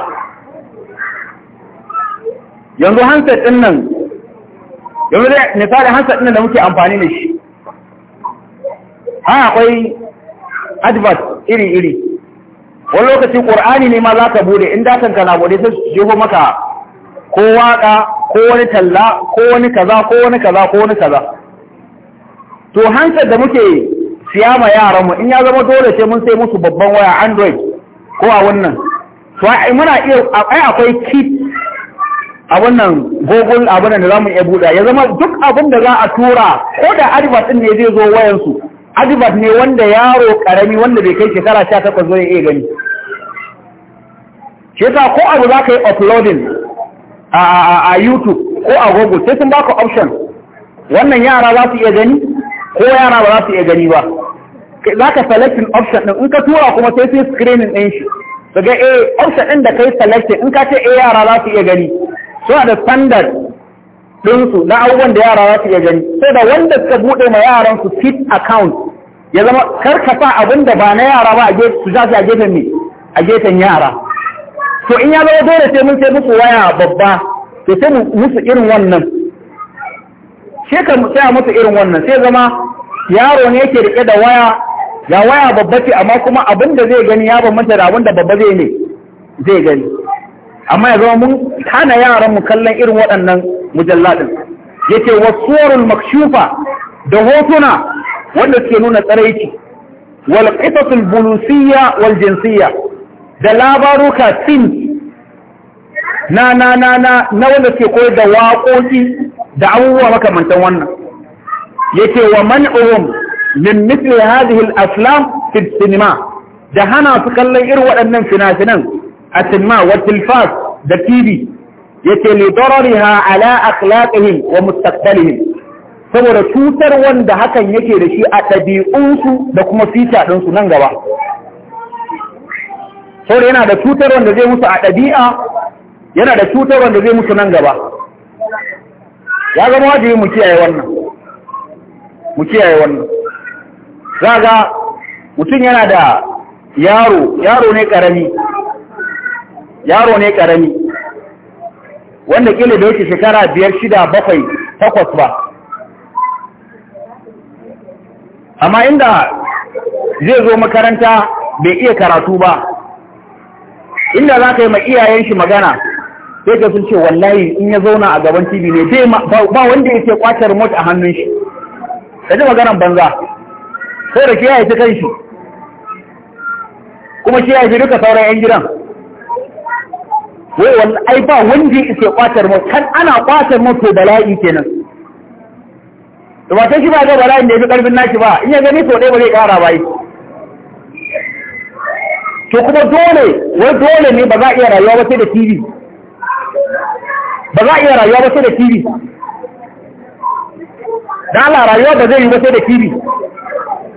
yanzu hansar ɗin nan yanzu da misali hansar ɗin da muke amfani da shi ha akwai advert iri-iri wani lokaci ƙur'ani ne ma za ka bude in datan ka na bude sai maka ko waka ko wani talla ko wani kaza ko wani kaza ko wani kaza to hankali da muke siya ma yaranmu in ya zama dole sai mun sai musu babban waya android ko a wannan to ai muna iya ai akwai kit a wannan google abin da za mu iya buɗa ya zama duk abin da za a tura ko da advert din ne zai zo wayansu advert ne wanda yaro karami wanda bai kai shekara sha takwas zai iya gani shi yasa ko abu za ka yi uploading a youtube ko a google sai sun baka option wannan yara za su iya gani ko yara ba za su iya gani ba za ka selecting option ɗin in ka tura kuma sai sai screening ɗin shi su ga a eh, option ɗin da kai selecting in ka ce a eh, yara za su iya gani suna da standard ɗinsu na abubuwan da yara za su iya gani sai da wanda suka buɗe ma yaran su fit account ya zama karkasa abin da ba na yara ba su za su a gefen ne a gefen yara to in ya zama dole sai mun sai musu waya babba to sai musu irin wannan sai ka saya musu irin wannan sai zama yaro ne yake rike da waya ya waya babba ce amma kuma abin da zai gani ya mace da abin da babba zai ne zai gani amma ya zama mun hana yaran mu kallon irin waɗannan mujalladin yake wasuwarul makshufa da hotuna wanda suke nuna tsaraici wal qisasul bulusiyya wal jinsiyya da labaruka sin na na na na na wanda suke koyar da waƙoƙi da abubuwa makamantan wannan yake wa man'uhum min mithli hadhihi al aflam fi sinima da hana su kallon irin waɗannan fina-finan a sinima wa tilfas da tv yake li darariha ala akhlaqihim wa mustaqbalihim saboda cutar wanda hakan yake da shi a ɗabi'unsu da kuma fita ɗinsu nan gaba saboda yana da cutar wanda zai musu a ɗabi'a yana da cutar wanda zai musu nan gaba ya zama wajibi mu kiyaye wannan mu kiyaye wannan za ga mutum yana da yaro yaro ne ƙarami yaro ne ƙarami wanda ƙila da yake shekara biyar shida bakwai takwas ba amma inda zai zo makaranta bai iya karatu ba inda za ka yi ma iyayen shi magana sai ka sun ce wallahi in ya zauna a gaban tv ne sai ba wanda ya ce kwace remote a hannun shi ka ji maganan banza sai da kiyaye ta kanshi kuma kiyaye ta duka sauran 'yan gidan wai wallahi ba wanda ya ce kwace remote kan ana kwace remote to bala'i kenan to ba shi ba zai bala'in da ya fi naki ba in ya gani sau ɗaya ba zai ƙara ba yi to kuma dole wai dole ne ba za a iya rayuwa ba sai da tv ba za iya rayuwa ba sai da tv da ala rayuwa ba zai yi ba sai da tv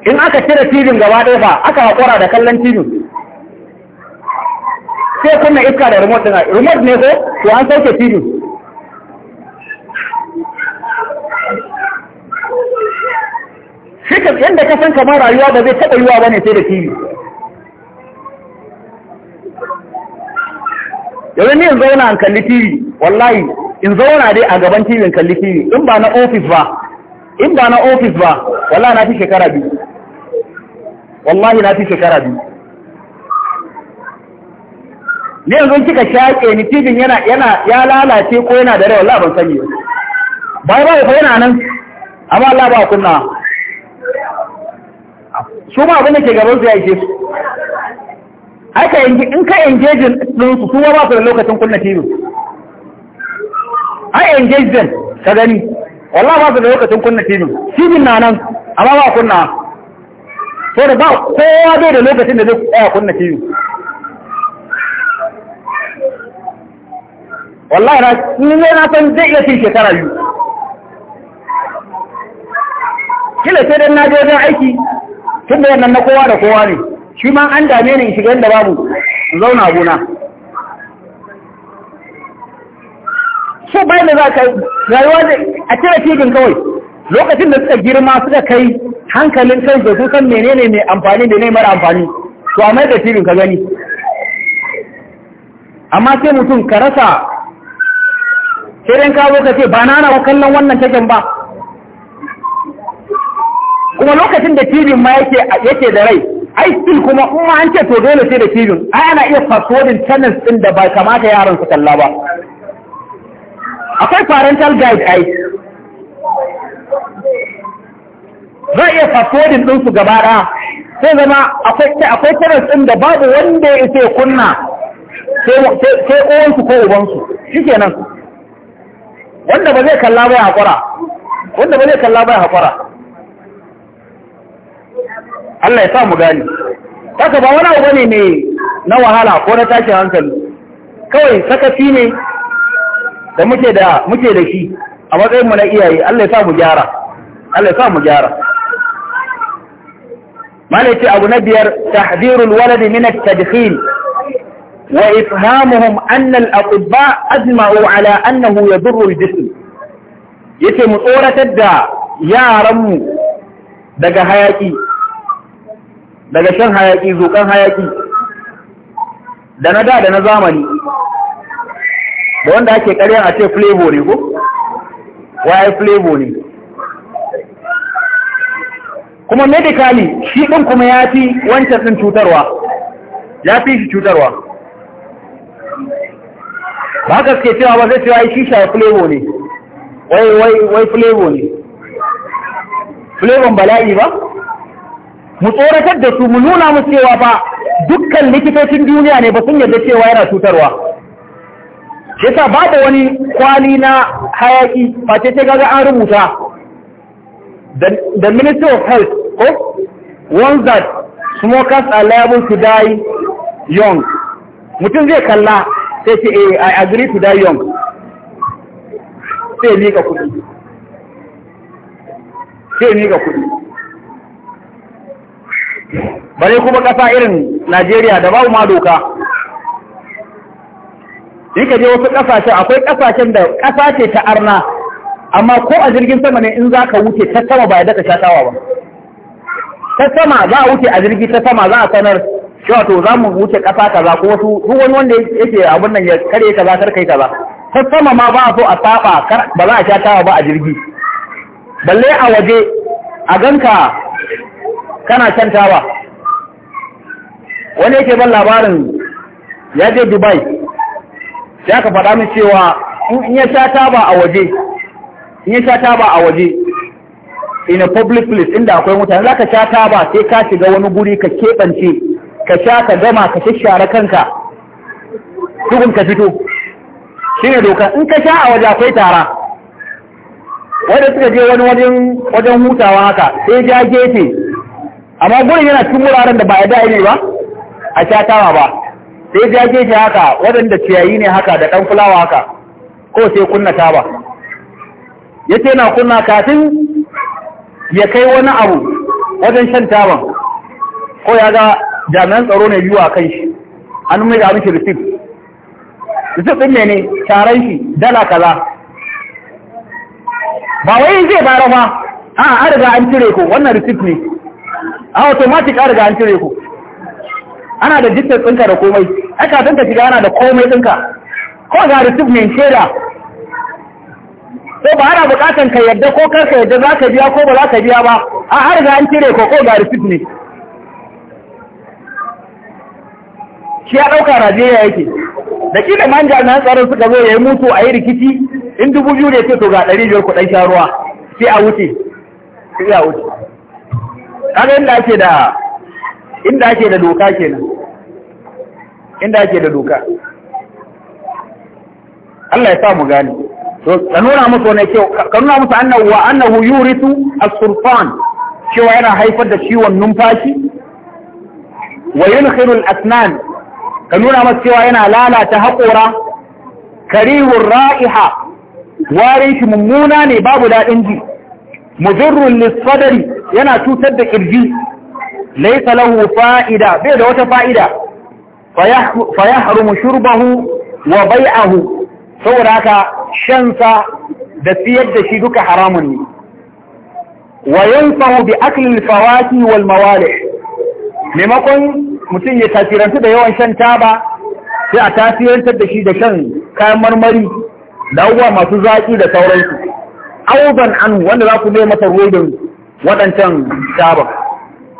in aka cire tv gaba ɗaya ba aka haƙura da kallon tv sai kunna iska da remote ɗin remote ne ko to an sauke tv yadda ka san kamar rayuwa ba zai taɓa yiwa ba ne sai da TV. Yanzu ni in zauna in kalli TV, wallahi in zauna dai a gaban TV in kalli TV, in ba na ofis ba, in ba na ofis ba, wallahi na fi shekara biyu. Wallahi na fi shekara biyu. Ni yanzu kika shaƙe ni TV yana ya lalace ko yana da rai wallahi ban sani ba. Bai ba ko yana nan, amma Allah ba kunna. su ma abin da ke gaban su ya ishe su haka in ka engagin ɗinsu su ma ba su da lokacin kunna TV ai engage din ka gani wallahi ba su da lokacin kunna TV TV na nan amma ba kunna to da ba kowa bai da lokacin da zai tsaya kunna TV wallahi na ni na san zai iya fi shekara biyu kila sai dan na je aiki tun da yannan na kowa da kowa ne shi ma an dame ni shiga yadda babu zauna gona so bayan da za ka rayuwa da a cire filin kawai lokacin da suka girma suka kai hankalin kan su san menene mai amfani da ne mara amfani to a mai da filin ka gani amma sai mutum ka rasa sai dan kawo zo ka ce ba na na kallon wannan taken ba kuma lokacin da tibin ma yake yake da rai ai still kuma in ma an ce to dole sai da tibin ai ana iya fasodin channels din da ba kamata yaran su kalla ba akwai parental guide ai zai iya fasodin din su gaba ɗaya sai zama akwai akwai channels din da babu wanda ya isa kunna sai sai uwansu ko ubansu shikenan wanda ba zai kalla ba ya hakura wanda ba zai kalla ba ya hakura Allah ya sa mu gani haka ba wani abu ne mai na wahala ko na tashin hankali kawai sakafi ne da muke da muke da shi a matsayinmu na iyaye Allah ya sa mu gyara Allah ya sa mu gyara malaci abu na biyar tahdirul waladi min at-tadkhil wa ifhamuhum anna al-atibba ajma'u ala annahu yadurru al-jism yace mu tsoratar da yaran mu daga hayaki daga shan hayaki zukan hayaki da na da da na zamani da wanda ake karyar a ce flavor ne ko waye flavor ne kuma medically shi ɗin kuma ya fi wancan ɗin cutarwa ya fi shi cutarwa ba haka suke cewa ba zai cewa shi shaye flavor ne wai wai wai flavor ne flavor bala'i ba mu tsoratar da su mu nuna mu cewa ba dukkan likitocin duniya ne ba sun yadda cewa yana cutarwa yasa ba da wani kwali na hayaki face ce kaga an rubuta the ministry of health ko one that smokers are liable to die young mutum zai kalla sai ce eh, i agree to die young sai mika kudi sai mika kudi bare kuma ƙasa irin Najeriya da babu ma doka in ka je wasu ƙasashen akwai ƙasashen da ƙasa ce ta arna amma ko a jirgin sama ne in za ka wuce ta sama ba ya sha tawa ba ta sama za a wuce a jirgi ta sama za a sanar cewa to za mu wuce ƙasa kaza ko wasu duk wani wanda yake abin nan ya kare kaza kar kai kaza ta sama ma ba a so a saba ba za a sha tawa ba a jirgi balle a waje a ganka kana shan taba wani yake ban labarin ya je dubai sai aka faɗa min cewa in ya sha taba a waje in ya sha taba a waje in a public place inda akwai mutane za ka sha taba sai ka shiga wani guri ka keɓance ka sha ka gama ka shashare kanka tukun ka fito shi ne doka in ka sha a waje akwai tara wanda suka je wani wajen hutawa haka sai ja gefe amma gurin yana cikin wuraren da ba a da ne ba a shatawa ba sai ya je shi haka waɗanda ciyayi ne haka da ɗan fulawa haka ko sai kunna taba ce na kunna kafin ya kai wani abu wajen shan taban ko ya ga jami'an tsaro ne yiwa a kan shi an mai da mishi rufin rufin ne ne taron shi dala kaza ba wai zai bara ba a an riga an cire ko wannan rufin ne a automatic an riga an cire ku ana da distance tsinka da komai aka tsinka shiga ana da komai tsinka ko ga receipt mai shaida ko ba ana buƙatan ka yadda ko kar ka yadda za ka biya ko ba za ka biya ba a har ga an cire ko ko ga receipt ne shi ya ɗauka Najeriya yake da kila man jami'an tsaron suka zo ya yi mutu a yi rikici in dubu biyu ne ce to ga ɗari biyar kuɗin sharuwa sai a wuce sai a wuce kaga inda ake da inda ake da doka kenan inda ake da doka Allah ya sa mu gani to ka nuna musu ne kyau ka nuna musu annahu wa annahu yurithu as-sultan cewa yana haifar da ciwon numfashi wa yunhiru al-asnan ka nuna musu cewa yana lalata haƙora karihur ra'iha warin shi mummuna ne babu daɗin ji mudurrun lissadari yana cutar da ƙirji laisa lahu fa'ida bai da wata fa'ida fa yahrumu wa bai'ahu saboda haka shansa da siyar da shi duka haramun ne wa yansahu bi akli fawaki wal maimakon mutum ya tasirantu da yawan shan taba sai a tasirantar da shi da shan kayan marmari da abubuwa masu zaƙi da sauransu auban an wanda za ku nema masa rodin waɗancan shaban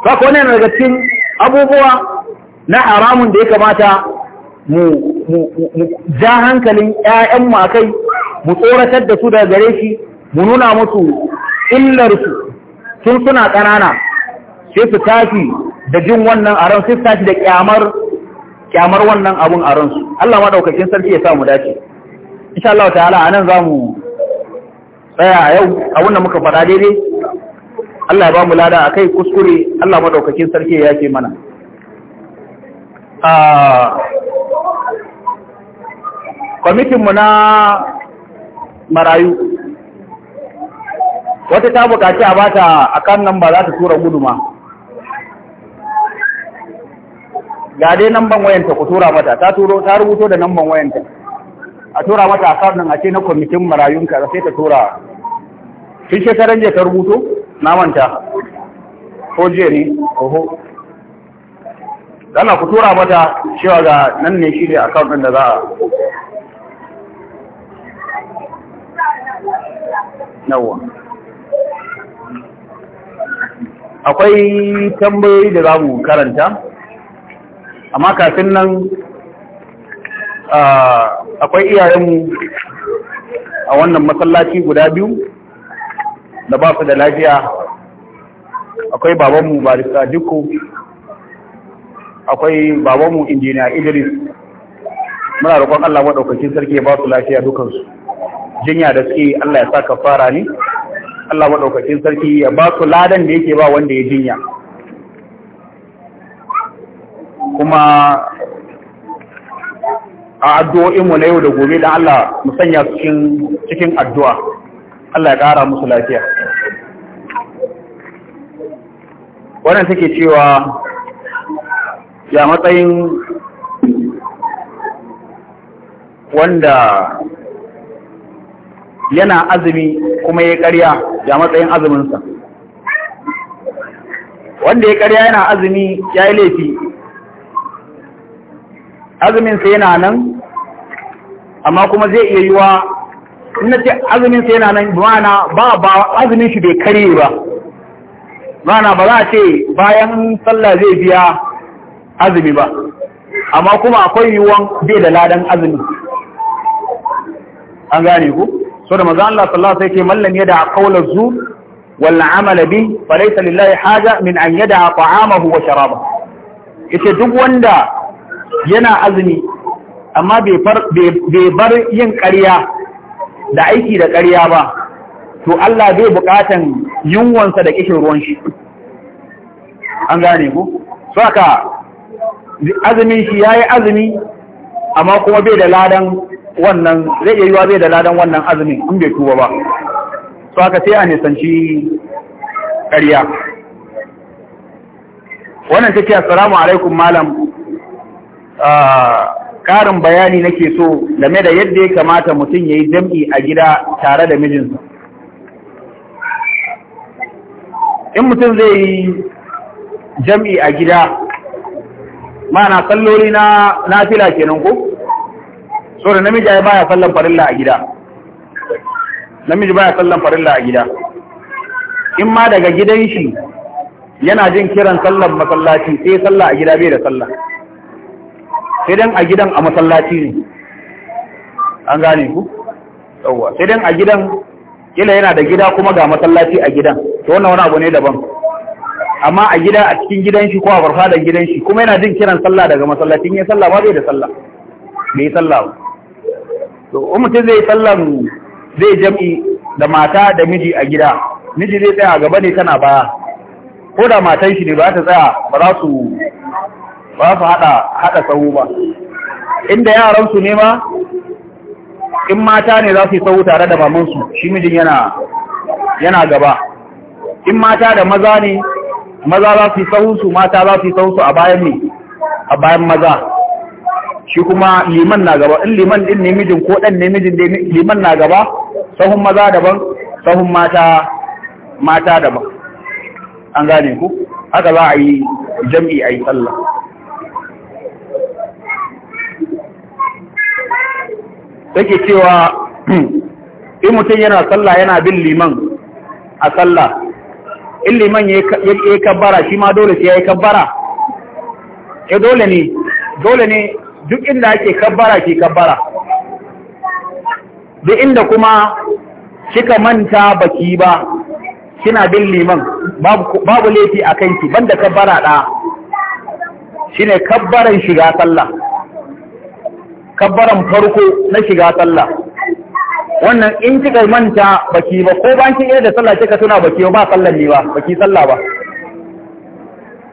ba ku wani daga cikin abubuwa na haramun da ya kamata mu ja hankalin ‘ya'yan makai mu tsoratar da su daga gare shi mu nuna musu illarsu tun suna ƙanana sai su tafi da jin wannan aron sai su tafi da kyamar wannan abun aronsu Allah ɗaukakin sarki ya sa mu dace insha Allah ta'ala a nan za mu tsaya a yau abin da muka faɗa daidai Allah ya ba mu lada a kai kuskure Allah maɗaukakin sarki ya ke mana ah, kwamitinmu na marayu wata ta bukaci a bata a kan nan ba za ta tura guduma ga dai ban wayanta ku tura mata ta turo rubuto da ban wayanta a tura mata akawun nan a ce na kwamitin marayunka da sai ta tura shi shekaran jiya ta rubuto na manta ko jiya ne oho dana ku tura mata cewa ga nan ne shi ne akawun ɗin da za a nawa akwai tambayoyi da za mu karanta amma kafin nan akwai iyayenmu a wannan masallaci guda biyu da ba su da lafiya akwai babanmu barista jikko akwai babanmu injiniya idris muna roƙon allah maɗaukakin sarki ya ba su lafiya dukansu jinya da suke allah ya sa ka fara ne allah maɗaukakin sarki ya ba su ladan da yake ba wanda ya jinya kuma a addu'o'inmu na yau da gobe da Allah mu sanya cikin cikin addu'a Allah ya ƙara musu lafiya wannan take cewa ya matsayin wanda yana azumi kuma ya ƙarya ya matsayin azuminsa wanda ya ƙarya yana azumi ya yi laifi azuminsa yana nan amma kuma zai iya yi wa ina ce azuminsa yana nan ma'ana ba ba azumin shi bai kare ba ma'ana ba za a ce bayan sallah zai biya azumi ba amma kuma akwai yiwuwan bai da ladan azumi an gane ku so da maza Allah sallallahu alaihi wasallam mallam yada qaula zu wal amala bi fa laysa lillahi haja min an yada ta'amahu wa sharabahu yace duk wanda yana azumi amma bai bar yin ƙarya da aiki da ƙarya ba to Allah bai buƙatan yunwansa da kishin ruwan shi an gane ku so aka azumin shi ya yi azumi amma kuma bai da ladan wannan zai iya yiwa bai da ladan wannan azumin in bai tuba ba so aka sai a nisanci ƙarya wannan take assalamu alaikum malam Ah, karin bayani nake so game da yadda ya kamata mutum ya yi jam'i a gida tare da mijinsa. In mutum zai yi jam'i a gida, mana salloli na nafila kenan ko? So da namiji ya baya sallan farilla a gida. Namiji baya sallan farilla a gida. In ma daga gidan shi yana jin kiran sallan masallaci sai sallah a gida bai da sallah. sai dan a gidan a masallaci ne an gane ku yawwa sai dan a gidan kila yana da gida kuma ga masallaci a gidan to wannan wani abu ne daban amma a gida a cikin gidan shi ko a farfadan gidan shi kuma yana jin kiran sallah daga masallacin ya sallah ba zai da sallah bai sallah ba to in mutum zai sallan zai jam'i da mata da miji a gida miji zai tsaya gaba ne tana baya ko da matan shi ne ba ta tsaya ba za su ba su haɗa haɗa sahu ba inda yaransu ne ma in mata ne za su yi sahu tare da mamansu shi mijin yana yana gaba in mata da maza ne maza za su yi sahu su mata za su yi sahu su a bayan ne a bayan maza shi kuma liman na gaba in liman din ne mijin ko ɗan ne mijin liman na gaba sahun maza daban sahun mata mata daban an gane ku haka za a yi jam'i a yi sallah take cewa in mutum yana sallah yana bin liman a sallah in liman ya yi kabbara shi ma dole sai ya yi kabbara ya eh, dole ne dole ne duk inda ake kabbara ke kabbara duk inda kuma kika manta baki ba kina bin liman babu laifi a kanki banda kabbara ɗaya shine kabbaran shiga sallah kabbaran farko na shiga sallah wannan in kika manta baki ba ko ban kin da sallah kika tuna baki ba sallan ne ba baki sallah ba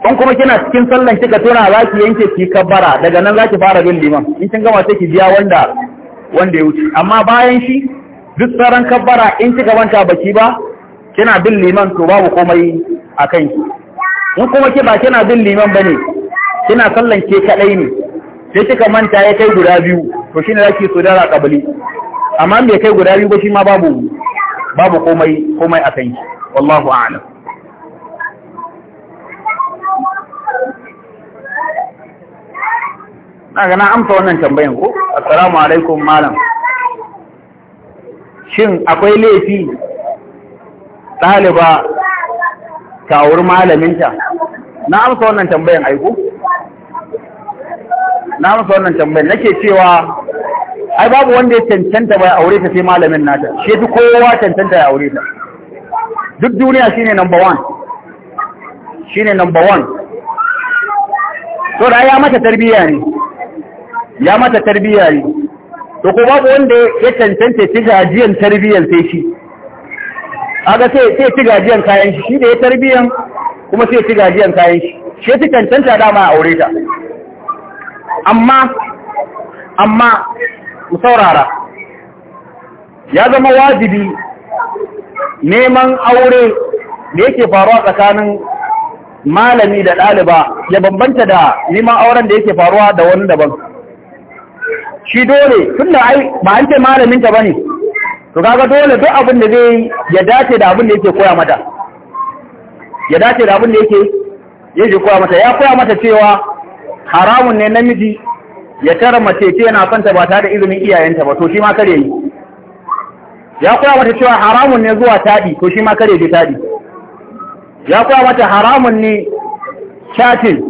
kun kuma kina cikin sallan kika tuna za ki yanke ki kabbara daga nan za ki fara bin liman in kin gama sai ki biya wanda wanda ya wuce amma bayan shi duk tsaron kabbara in kika manta baki ba kina bin liman to babu komai a kanki in kuma ki ba kina bin liman bane kina sallan ke kadai ne sai kika manta ya kai guda biyu to shine zaki so dara kabali amma ya kai guda biyu ba shi ma babu babu komai komai a kan shi wallahu a'lam Naga na amsa wannan tambayin ko assalamu alaikum malam shin akwai laifi ɗaliba ta malaminta na amsa wannan tambayin aiko na masa wannan tambayar nake cewa ai babu wanda ya cancanta bai aure ta sai malamin nata shi fi kowa cancanta ya aure ta duk duniya shine number one shine number one to da ya mata tarbiyya ne ya mata tarbiyya ne to ko babu wanda ya cancanta ci gajiyan tarbiyyar sai shi aga sai sai ci gajiyan kayan shi shi da ya tarbiyyan kuma sai ci gajiyan kayan shi shi ya ci cancanta dama ya aure ta amma amma mu saurara ya zama wajibi neman aure da yake faruwa tsakanin malami da ɗaliba ya bambanta da neman auren da yake faruwa da wani daban shi dole tun da ai ba an ce malaminta ba ne to kaga dole duk abin da zai ya dace da abin da yake koya mata ya dace da abin da yake yake koya mata ya koya mata cewa haramun ne namiji ya tara mace ce yana son ta ba tare da izinin iyayenta ba to shi ma kare yi ya koya mata cewa haramun ne zuwa tadi to shi ma kare je tadi ya koya mata haramun ne chatting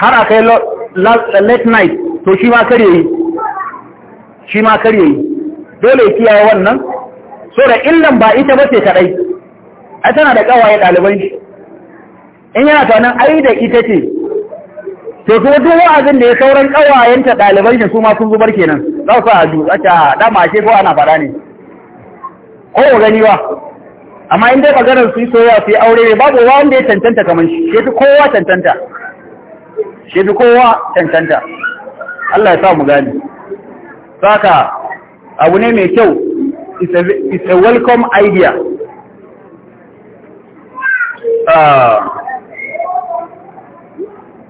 har akai late night to shi ma kare yi shi ma kare yi dole kiyaye wannan so da illan ba ita ba ce kaɗai. ai tana da kawaye ɗaliban shi in yana tunanin ai da ita ce to kuma duk wa'azin da ya sauran ƙawayenta ɗaliban ne su ma sun zubar kenan za su haju da dama ashe ko ana fara ne ko ba gani ba amma in dai maganar su yi soyayya su yi aure ne babu wa wanda ya cancanta kamar shi ke fi kowa cancanta ke fi kowa cancanta Allah ya sa mu gani saka abu ne mai kyau it's a welcome idea uh,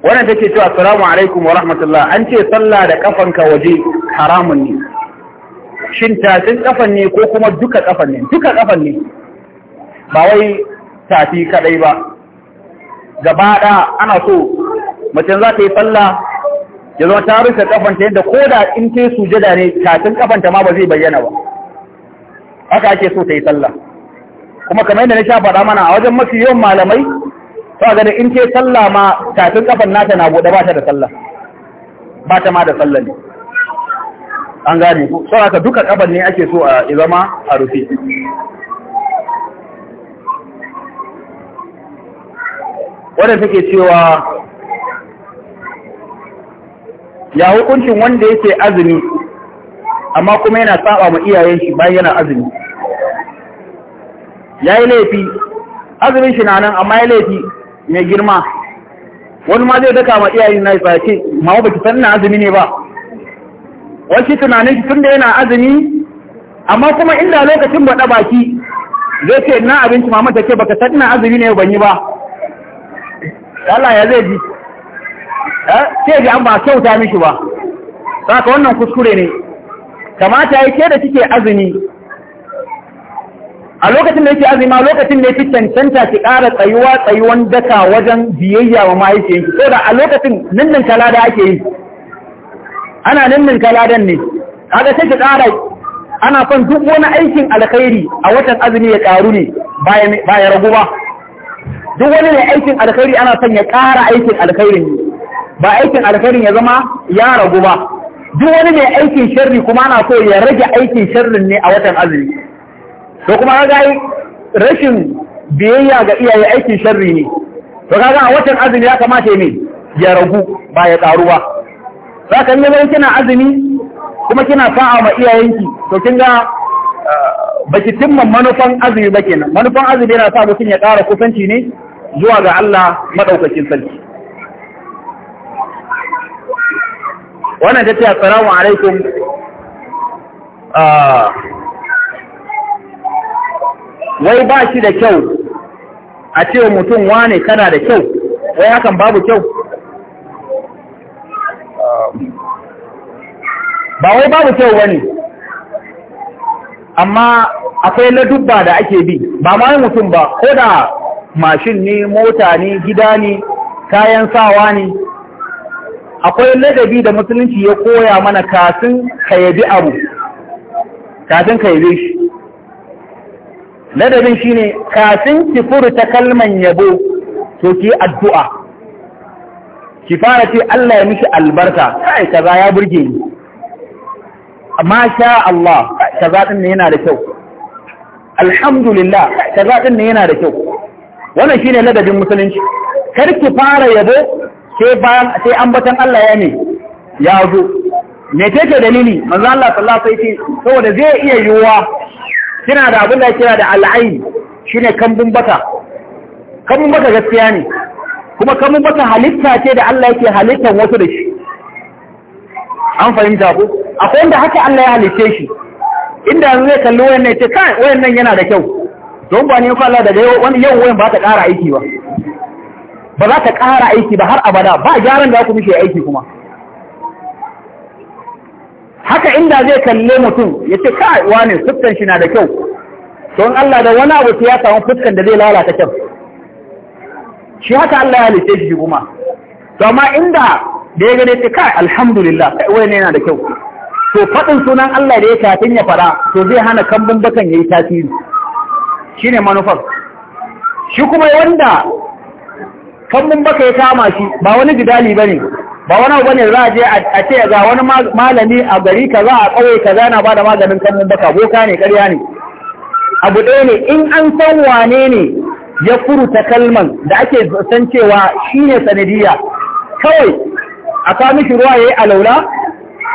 wannan take cewa assalamu alaikum wa rahmatullah an ce sallah da kafanka waje haramun ne shin tafin kafan ne ko kuma duka kafan ne duka kafan ne ba wai tafi kadai ba gaba da ana so mace za ta yi sallah ya zama ta rufe kafanta yadda ko da in ta sujada ne tafin ta ma ba zai bayyana ba haka ake so ta yi sallah kuma kamar yadda na sha faɗa mana a wajen mafi yawan malamai to ga da in ce sallah ma kafin kafan nata na bude ba ta da sallah ba ta ma da sallah ne an gane ku so haka duka kafan ne ake so a zama a rufe wanda take cewa ya hukuncin wanda yake azumi amma kuma yana saba ma iyayen shi bayan yana azumi yi laifi azumin shi na nan amma ya laifi mai girma wani ma zai daka ma iyayen na ya ce ma baki san na azumi ne ba wani tunanin tun da yana azumi amma kuma inda lokacin baɗa baki zai ce na abinci mama ta ce baka san na azumi ne ban yi ba Allah ya zai ji ce eh, ji an ba kyauta mishi ba saka wannan kuskure ne kamata ya ke da kike azumi a lokacin da yake azima lokacin da yake cancanta ki ƙara tsayuwa tsayuwan daka wajen biyayya wa mahaifiyarki. so da a lokacin nannan kalada ake yi ana nannan kaladan ne kaga sai ki ƙara ana son duk wani aikin alkhairi a watan azumi ya ƙaru ne ba ya ragu ba duk wani ne aikin alkhairi ana son ya ƙara aikin alkhairin ne ba aikin alkhairin ya zama ya ragu ba duk wani ne aikin sharri kuma ana so ya rage aikin sharrin ne a watan azumi to kuma ga rashin biyayya ga iyaye aikin sharri ne to kaga a watan azumi ya kamata ne ya ragu ba ya karu ba za ka ban kina azumi kuma kina fa'a ma iyayenki to kin ga baki timman manufan azumi ba kenan manufan azumi yana sa mutum ya ƙara kusanci ne zuwa ga Allah madaukakin sarki wannan ta assalamu alaikum wai ba shi da kyau a ce mutum wane kana da kyau wai hakan babu kyau ba wai babu kyau wani amma akwai ladubba da ake bi ba ma mutum ba ko da mashin ne mota ne gida ne kayan sawa ne akwai ladabi da musulunci ya koya mana kafin ka yabi abu kafin ka shi ladabin shi ne kafin ki furta kalman yabo to ki addu'a ki fara ce Allah ya miki albarka kai kaza ya burge ni amma sha Allah kaza din ne yana da kyau alhamdulillah kaza din ne yana da kyau wannan shine ladabin musulunci kar ki fara yabo sai bayan sai ambatan Allah ya ne ya zo me take dalili manzo Allah sallallahu alaihi wasallam saboda zai iya yiwuwa kina da abin da kira da al'ayi ne kambun baka kambun baka gaskiya ne kuma kambun baka halitta ce da Allah yake halittan wasu da shi an fahimta ko akwai wanda haka Allah ya halitta shi inda yanzu zai kalli wayan ya ce kai wayan nan yana da kyau don ba ne ko Allah daga yau wani yau wayan ba ta ƙara aiki ba ba za ta ƙara aiki ba har abada ba gyaran da ku mishi aiki kuma haka inda zai kalle mutum ya ce wa wani fuskan shi na da kyau To in Allah da wani abu ya samu fuskan da zai lalata kyau shi haka Allah ya halice shi kuma to amma inda da ya gane ce ka alhamdulillah kai wani yana da kyau to faɗin sunan Allah da ya kafin ya fara to zai hana kambun bakan yayi tasiri shine manufar shi kuma wanda kambun baka ya kama shi ba wani jidali ne. ba wani abu ne za a je a ce ga wani malami a gari ka za a kawai ka zana na ba da maganin kanin baka boka ne karya ne abu ɗaya ne in an san wane ne ya furuta kalman da ake san cewa shi ne sanadiyya kawai a sami shi ruwa ya yi alaula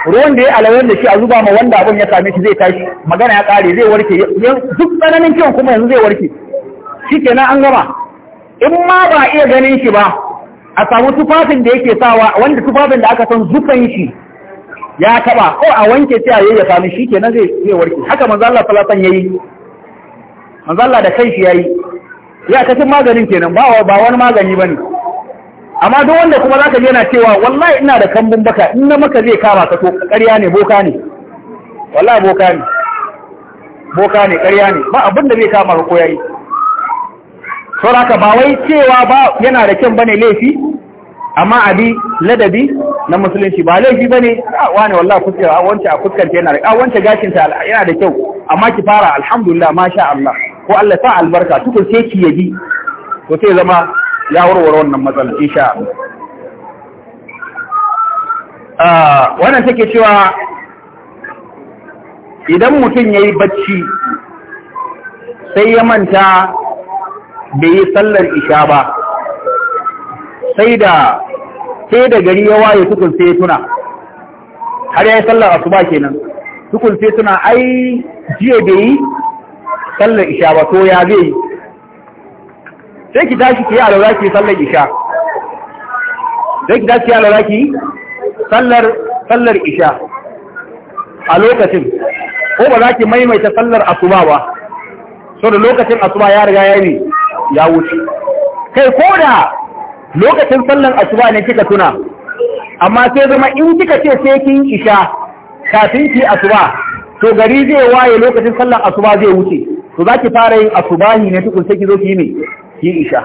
ruwan da ya alaular da shi a zuba ma wanda abin ya sami shi zai tashi magana ya kare zai warke duk tsananin kiwon kuma yanzu zai warke shi kenan an gama in ma ba iya ganin shi ba a samu tufafin da yake sawa wanda tufafin da aka san zufan shi ya taba ko a wanke sai a yayyafa mi shikenan zai zai warke haka manzo Allah sallallahu alaihi wasallam yayi manzo Allah da kanshi yayi ya kace maganin kenan ba ba wani magani bane amma duk wanda kuma zaka je yana cewa wallahi ina da kambun baka in na maka zai kama ka to ƙarya ne boka ne wallahi boka ne boka ne ƙarya ne ba abin da zai kama ka ko yayi sauraka ba wai cewa ba yana da kyan bane laifi amma abi ladabi na musulunci ba laifi bane ah, ne? wallahi fuskar a ah, wance a fuskar yana da ah, wance gashin ta yana da kyau amma ki fara alhamdulillah masha Allah ko Allah sa albarka tukun sai ki yabi to sai zama ya warware wannan matsalar insha Allah wannan take cewa idan mutum yayi bacci sai ya manta bai yi sallar isha ba sai da sai da gari ya waye tukun sai tuna har ya yi sallar asuba kenan tukun sai tuna ai jiya bai yi sallar isha ba to ya zai yi sai ki tashi ki yi lura ki sallar isha sai ki tashi ki yi alaura ki sallar isha a lokacin ko ba za ki maimaita sallar asuba ba so da lokacin asuba ya riga ya yi ne ya wuce kai ko da lokacin sallan asuba ne kika tuna amma sai zama in kika ce sai kin isha kafin ki asuba to gari zai waye lokacin sallan asuba zai wuce to za ki fara yin asubahi ne tukun sai ki zo ki ne ki isha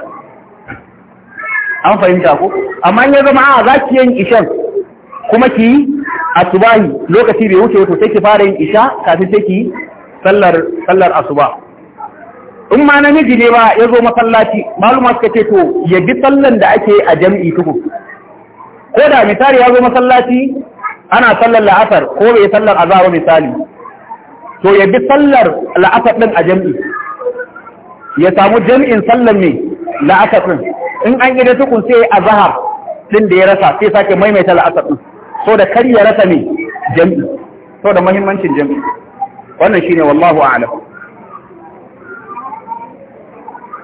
an fahimta ko amma ya zama a za ki yin ishan kuma ki yi asubahi lokaci bai wuce to sai ki fara yin isha kafin sai ki sallar sallar asuba in ma namiji ne ba ya zo masallaci maluma suka ce to ya bi sallan da ake a jam'i tukun ko da misali ya zo masallaci ana sallar la'asar ko bai sallar azaba misali to ya bi sallar la'asar din a jam'i ya samu jam'in sallan ne la'asar din in an yi da tukun sai a zahar din da ya rasa sai sake maimaita la'asar din so da kar ya rasa ne jam'i so da mahimmancin jam'i wannan shine wallahu a'lam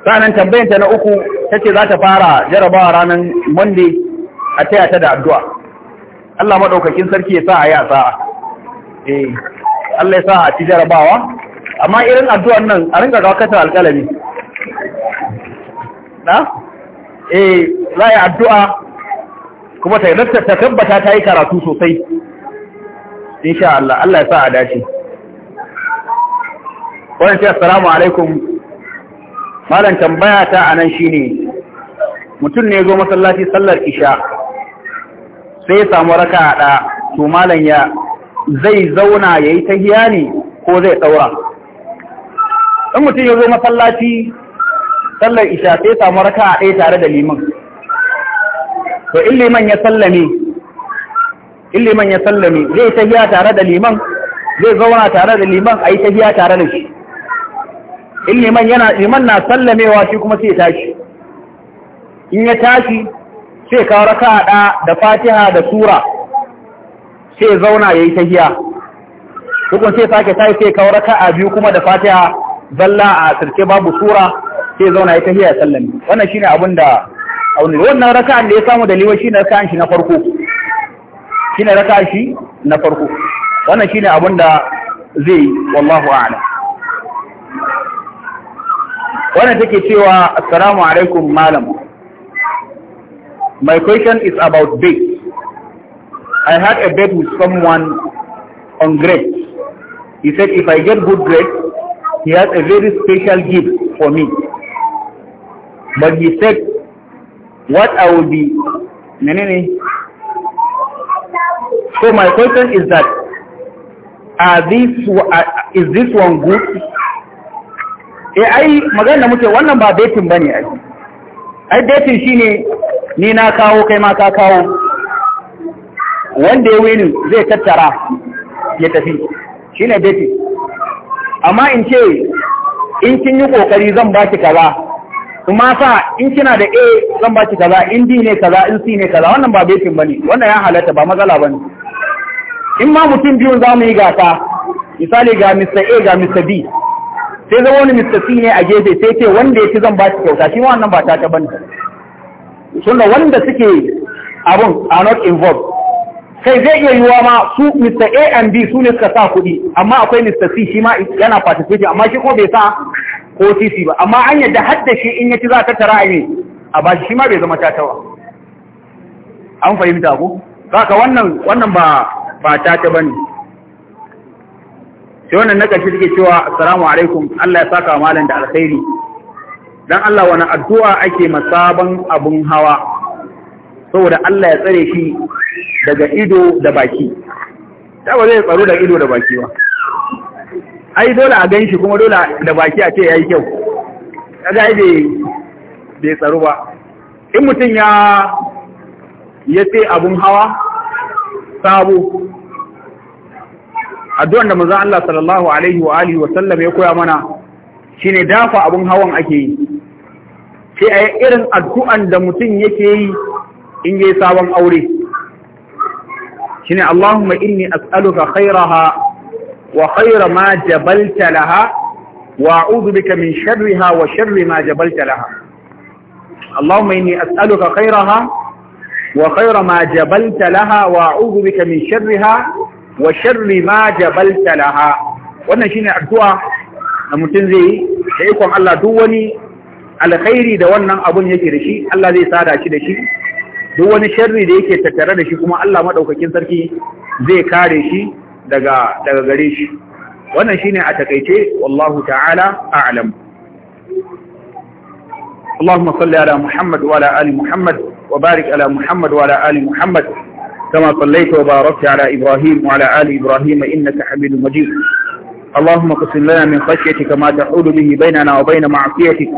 sanan tambayanta na uku ce za ta fara jarabawa ranar monday a taya ta da addu'a Allah madaukakin sarki ya sa a ya sa'a eh Allah ya sa a ci jarabawa amma irin addu'an nan a ringa gawakatar alƙalami na eh za a yi addu'a kuma ta yarda ta tabbata ta yi karatu sosai insha Allah Allah ya sa a dace wannan ce assalamu alaikum malam tambaya ta shi ne, mutum ne zo masallaci sallar isha sai ya samu raka a ɗa to malam ya zai zauna ya yi ta hiya ne ko zai ɗaura. Ɗan mutum ya zo masallaci sallar isha sai ya samu raka a ɗaya tare da liman to in liman ya sallame in liman ya sallame zai hiya tare da liman zai zauna tare da liman a yi ta hiya tare da shi in liman yana liman na sallamewa shi kuma sai tashi in ya tashi sai kawo raka da da fatiha da sura sai zauna yayi tahiya hukun sai sake tashi sai kawo raka biyu kuma da fatiha zalla a sirke babu sura sai zauna yayi tahiya sallame wannan shine abin da wannan raka'an da ya samu dalilin shi shine raka'an shi na farko shine raka'an shi na farko wannan shine abin da zai wallahu a'lam wannan take cewa assalamu alaikum malam my question is about date i had a date with someone on grade. he said if i get good grade, he has a very special gift for me but he said what i will be menene so my question is that are is this one good e ai magana muke wannan ba betin bane ai ai betin shine ni na kawo kai ma ka kawo wanda ya wini zai tattara ya tafi shine betin amma in ce in kin yi kokari zan baki kaza kuma sa in kina da a zan baki kaza in b ne kaza in c ne kaza wannan ba betin bane wannan ya halatta ba matsala bane in ma mutum biyun za mu yi gasa misali ga Mr. A ga Mr. B sai zama wani mr ne a gefe sai ce wanda ya ci zan ba shi kyauta shi ma wannan ba ta ta bane sunna wanda suke abun are not involved sai zai iya yiwuwa ma su mr a and b su ne suka sa kuɗi amma akwai mr c shi ma yana participate amma shi ko bai sa ko CC ba amma an yadda hadda shi in ya ci za ta tara a yi a ba shi ma bai zama ta tawa an fahimta ku za ka wannan ba ba ta ta bane sai wannan na ƙarshe suke cewa assalamu alaikum Allah ya saka malam da alkhairi dan Allah wani addu'a ake masaban abun hawa saboda Allah ya tsare shi daga ido da baki ta ba zai tsaro daga ido da baki ba ai dole a gan shi kuma dole da baki a ce ya yi kyau kaga ai bai tsaro ba in mutum ya ya ce abun hawa sabo addu'ar da manzon Allah sallallahu alaihi wa alihi wa sallam ya koya mana shine dafa abun hawan ake yi sai a yi irin addu'an da mutum yake yi in yi sabon aure shine Allahumma inni as'aluka khairaha wa khaira ma jabalta laha wa a'udhu bika min sharriha wa sharri ma jabalta laha Allahumma inni as'aluka khairaha wa khaira ma jabalta laha wa a'udhu bika min sharriha wa sharri ma jabalta laha wannan shine addu'a da mutum zai yi da ikon Allah duk wani alkhairi da wannan abun yake da shi Allah zai sada shi da shi duk wani sharri da yake tattare da shi kuma Allah madaukakin sarki zai kare shi daga daga gare shi wannan shine a takeice wallahu ta'ala a'lam اللهم صل على محمد وعلى آل محمد وبارك على محمد وعلى آل محمد كما صليت وباركت على إبراهيم وعلى آل إبراهيم إنك حميد مجيد اللهم قسم لنا من خشيتك ما تحول به بيننا وبين معصيتك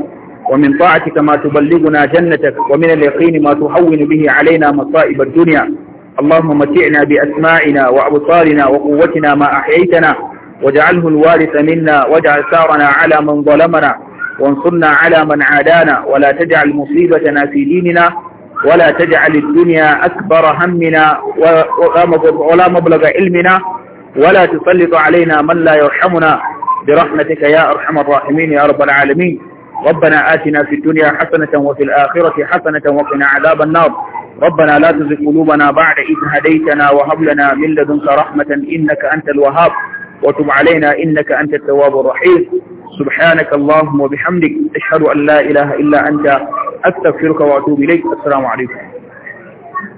ومن طاعتك ما تبلغنا جنتك ومن اليقين ما تهون به علينا مصائب الدنيا اللهم متعنا بأسماعنا وأبصارنا وقوتنا ما أحييتنا واجعله الوارث منا واجعل ثارنا على من ظلمنا وانصرنا على من عادانا ولا تجعل مصيبتنا في ديننا ولا تجعل الدنيا أكبر همنا ولا مبلغ علمنا ولا تسلط علينا من لا يرحمنا برحمتك يا أرحم الراحمين يا رب العالمين ربنا آتنا في الدنيا حسنة وفي الآخرة حسنة وقنا عذاب النار ربنا لا تزغ قلوبنا بعد إذ هديتنا وهب لنا من لدنك رحمة إنك أنت الوهاب وتب علينا إنك أنت التواب الرحيم سبحانك اللهم وبحمدك أشهد أن لا إله إلا أنت astaghfiruka wa atubu ilaik assalamu alaikum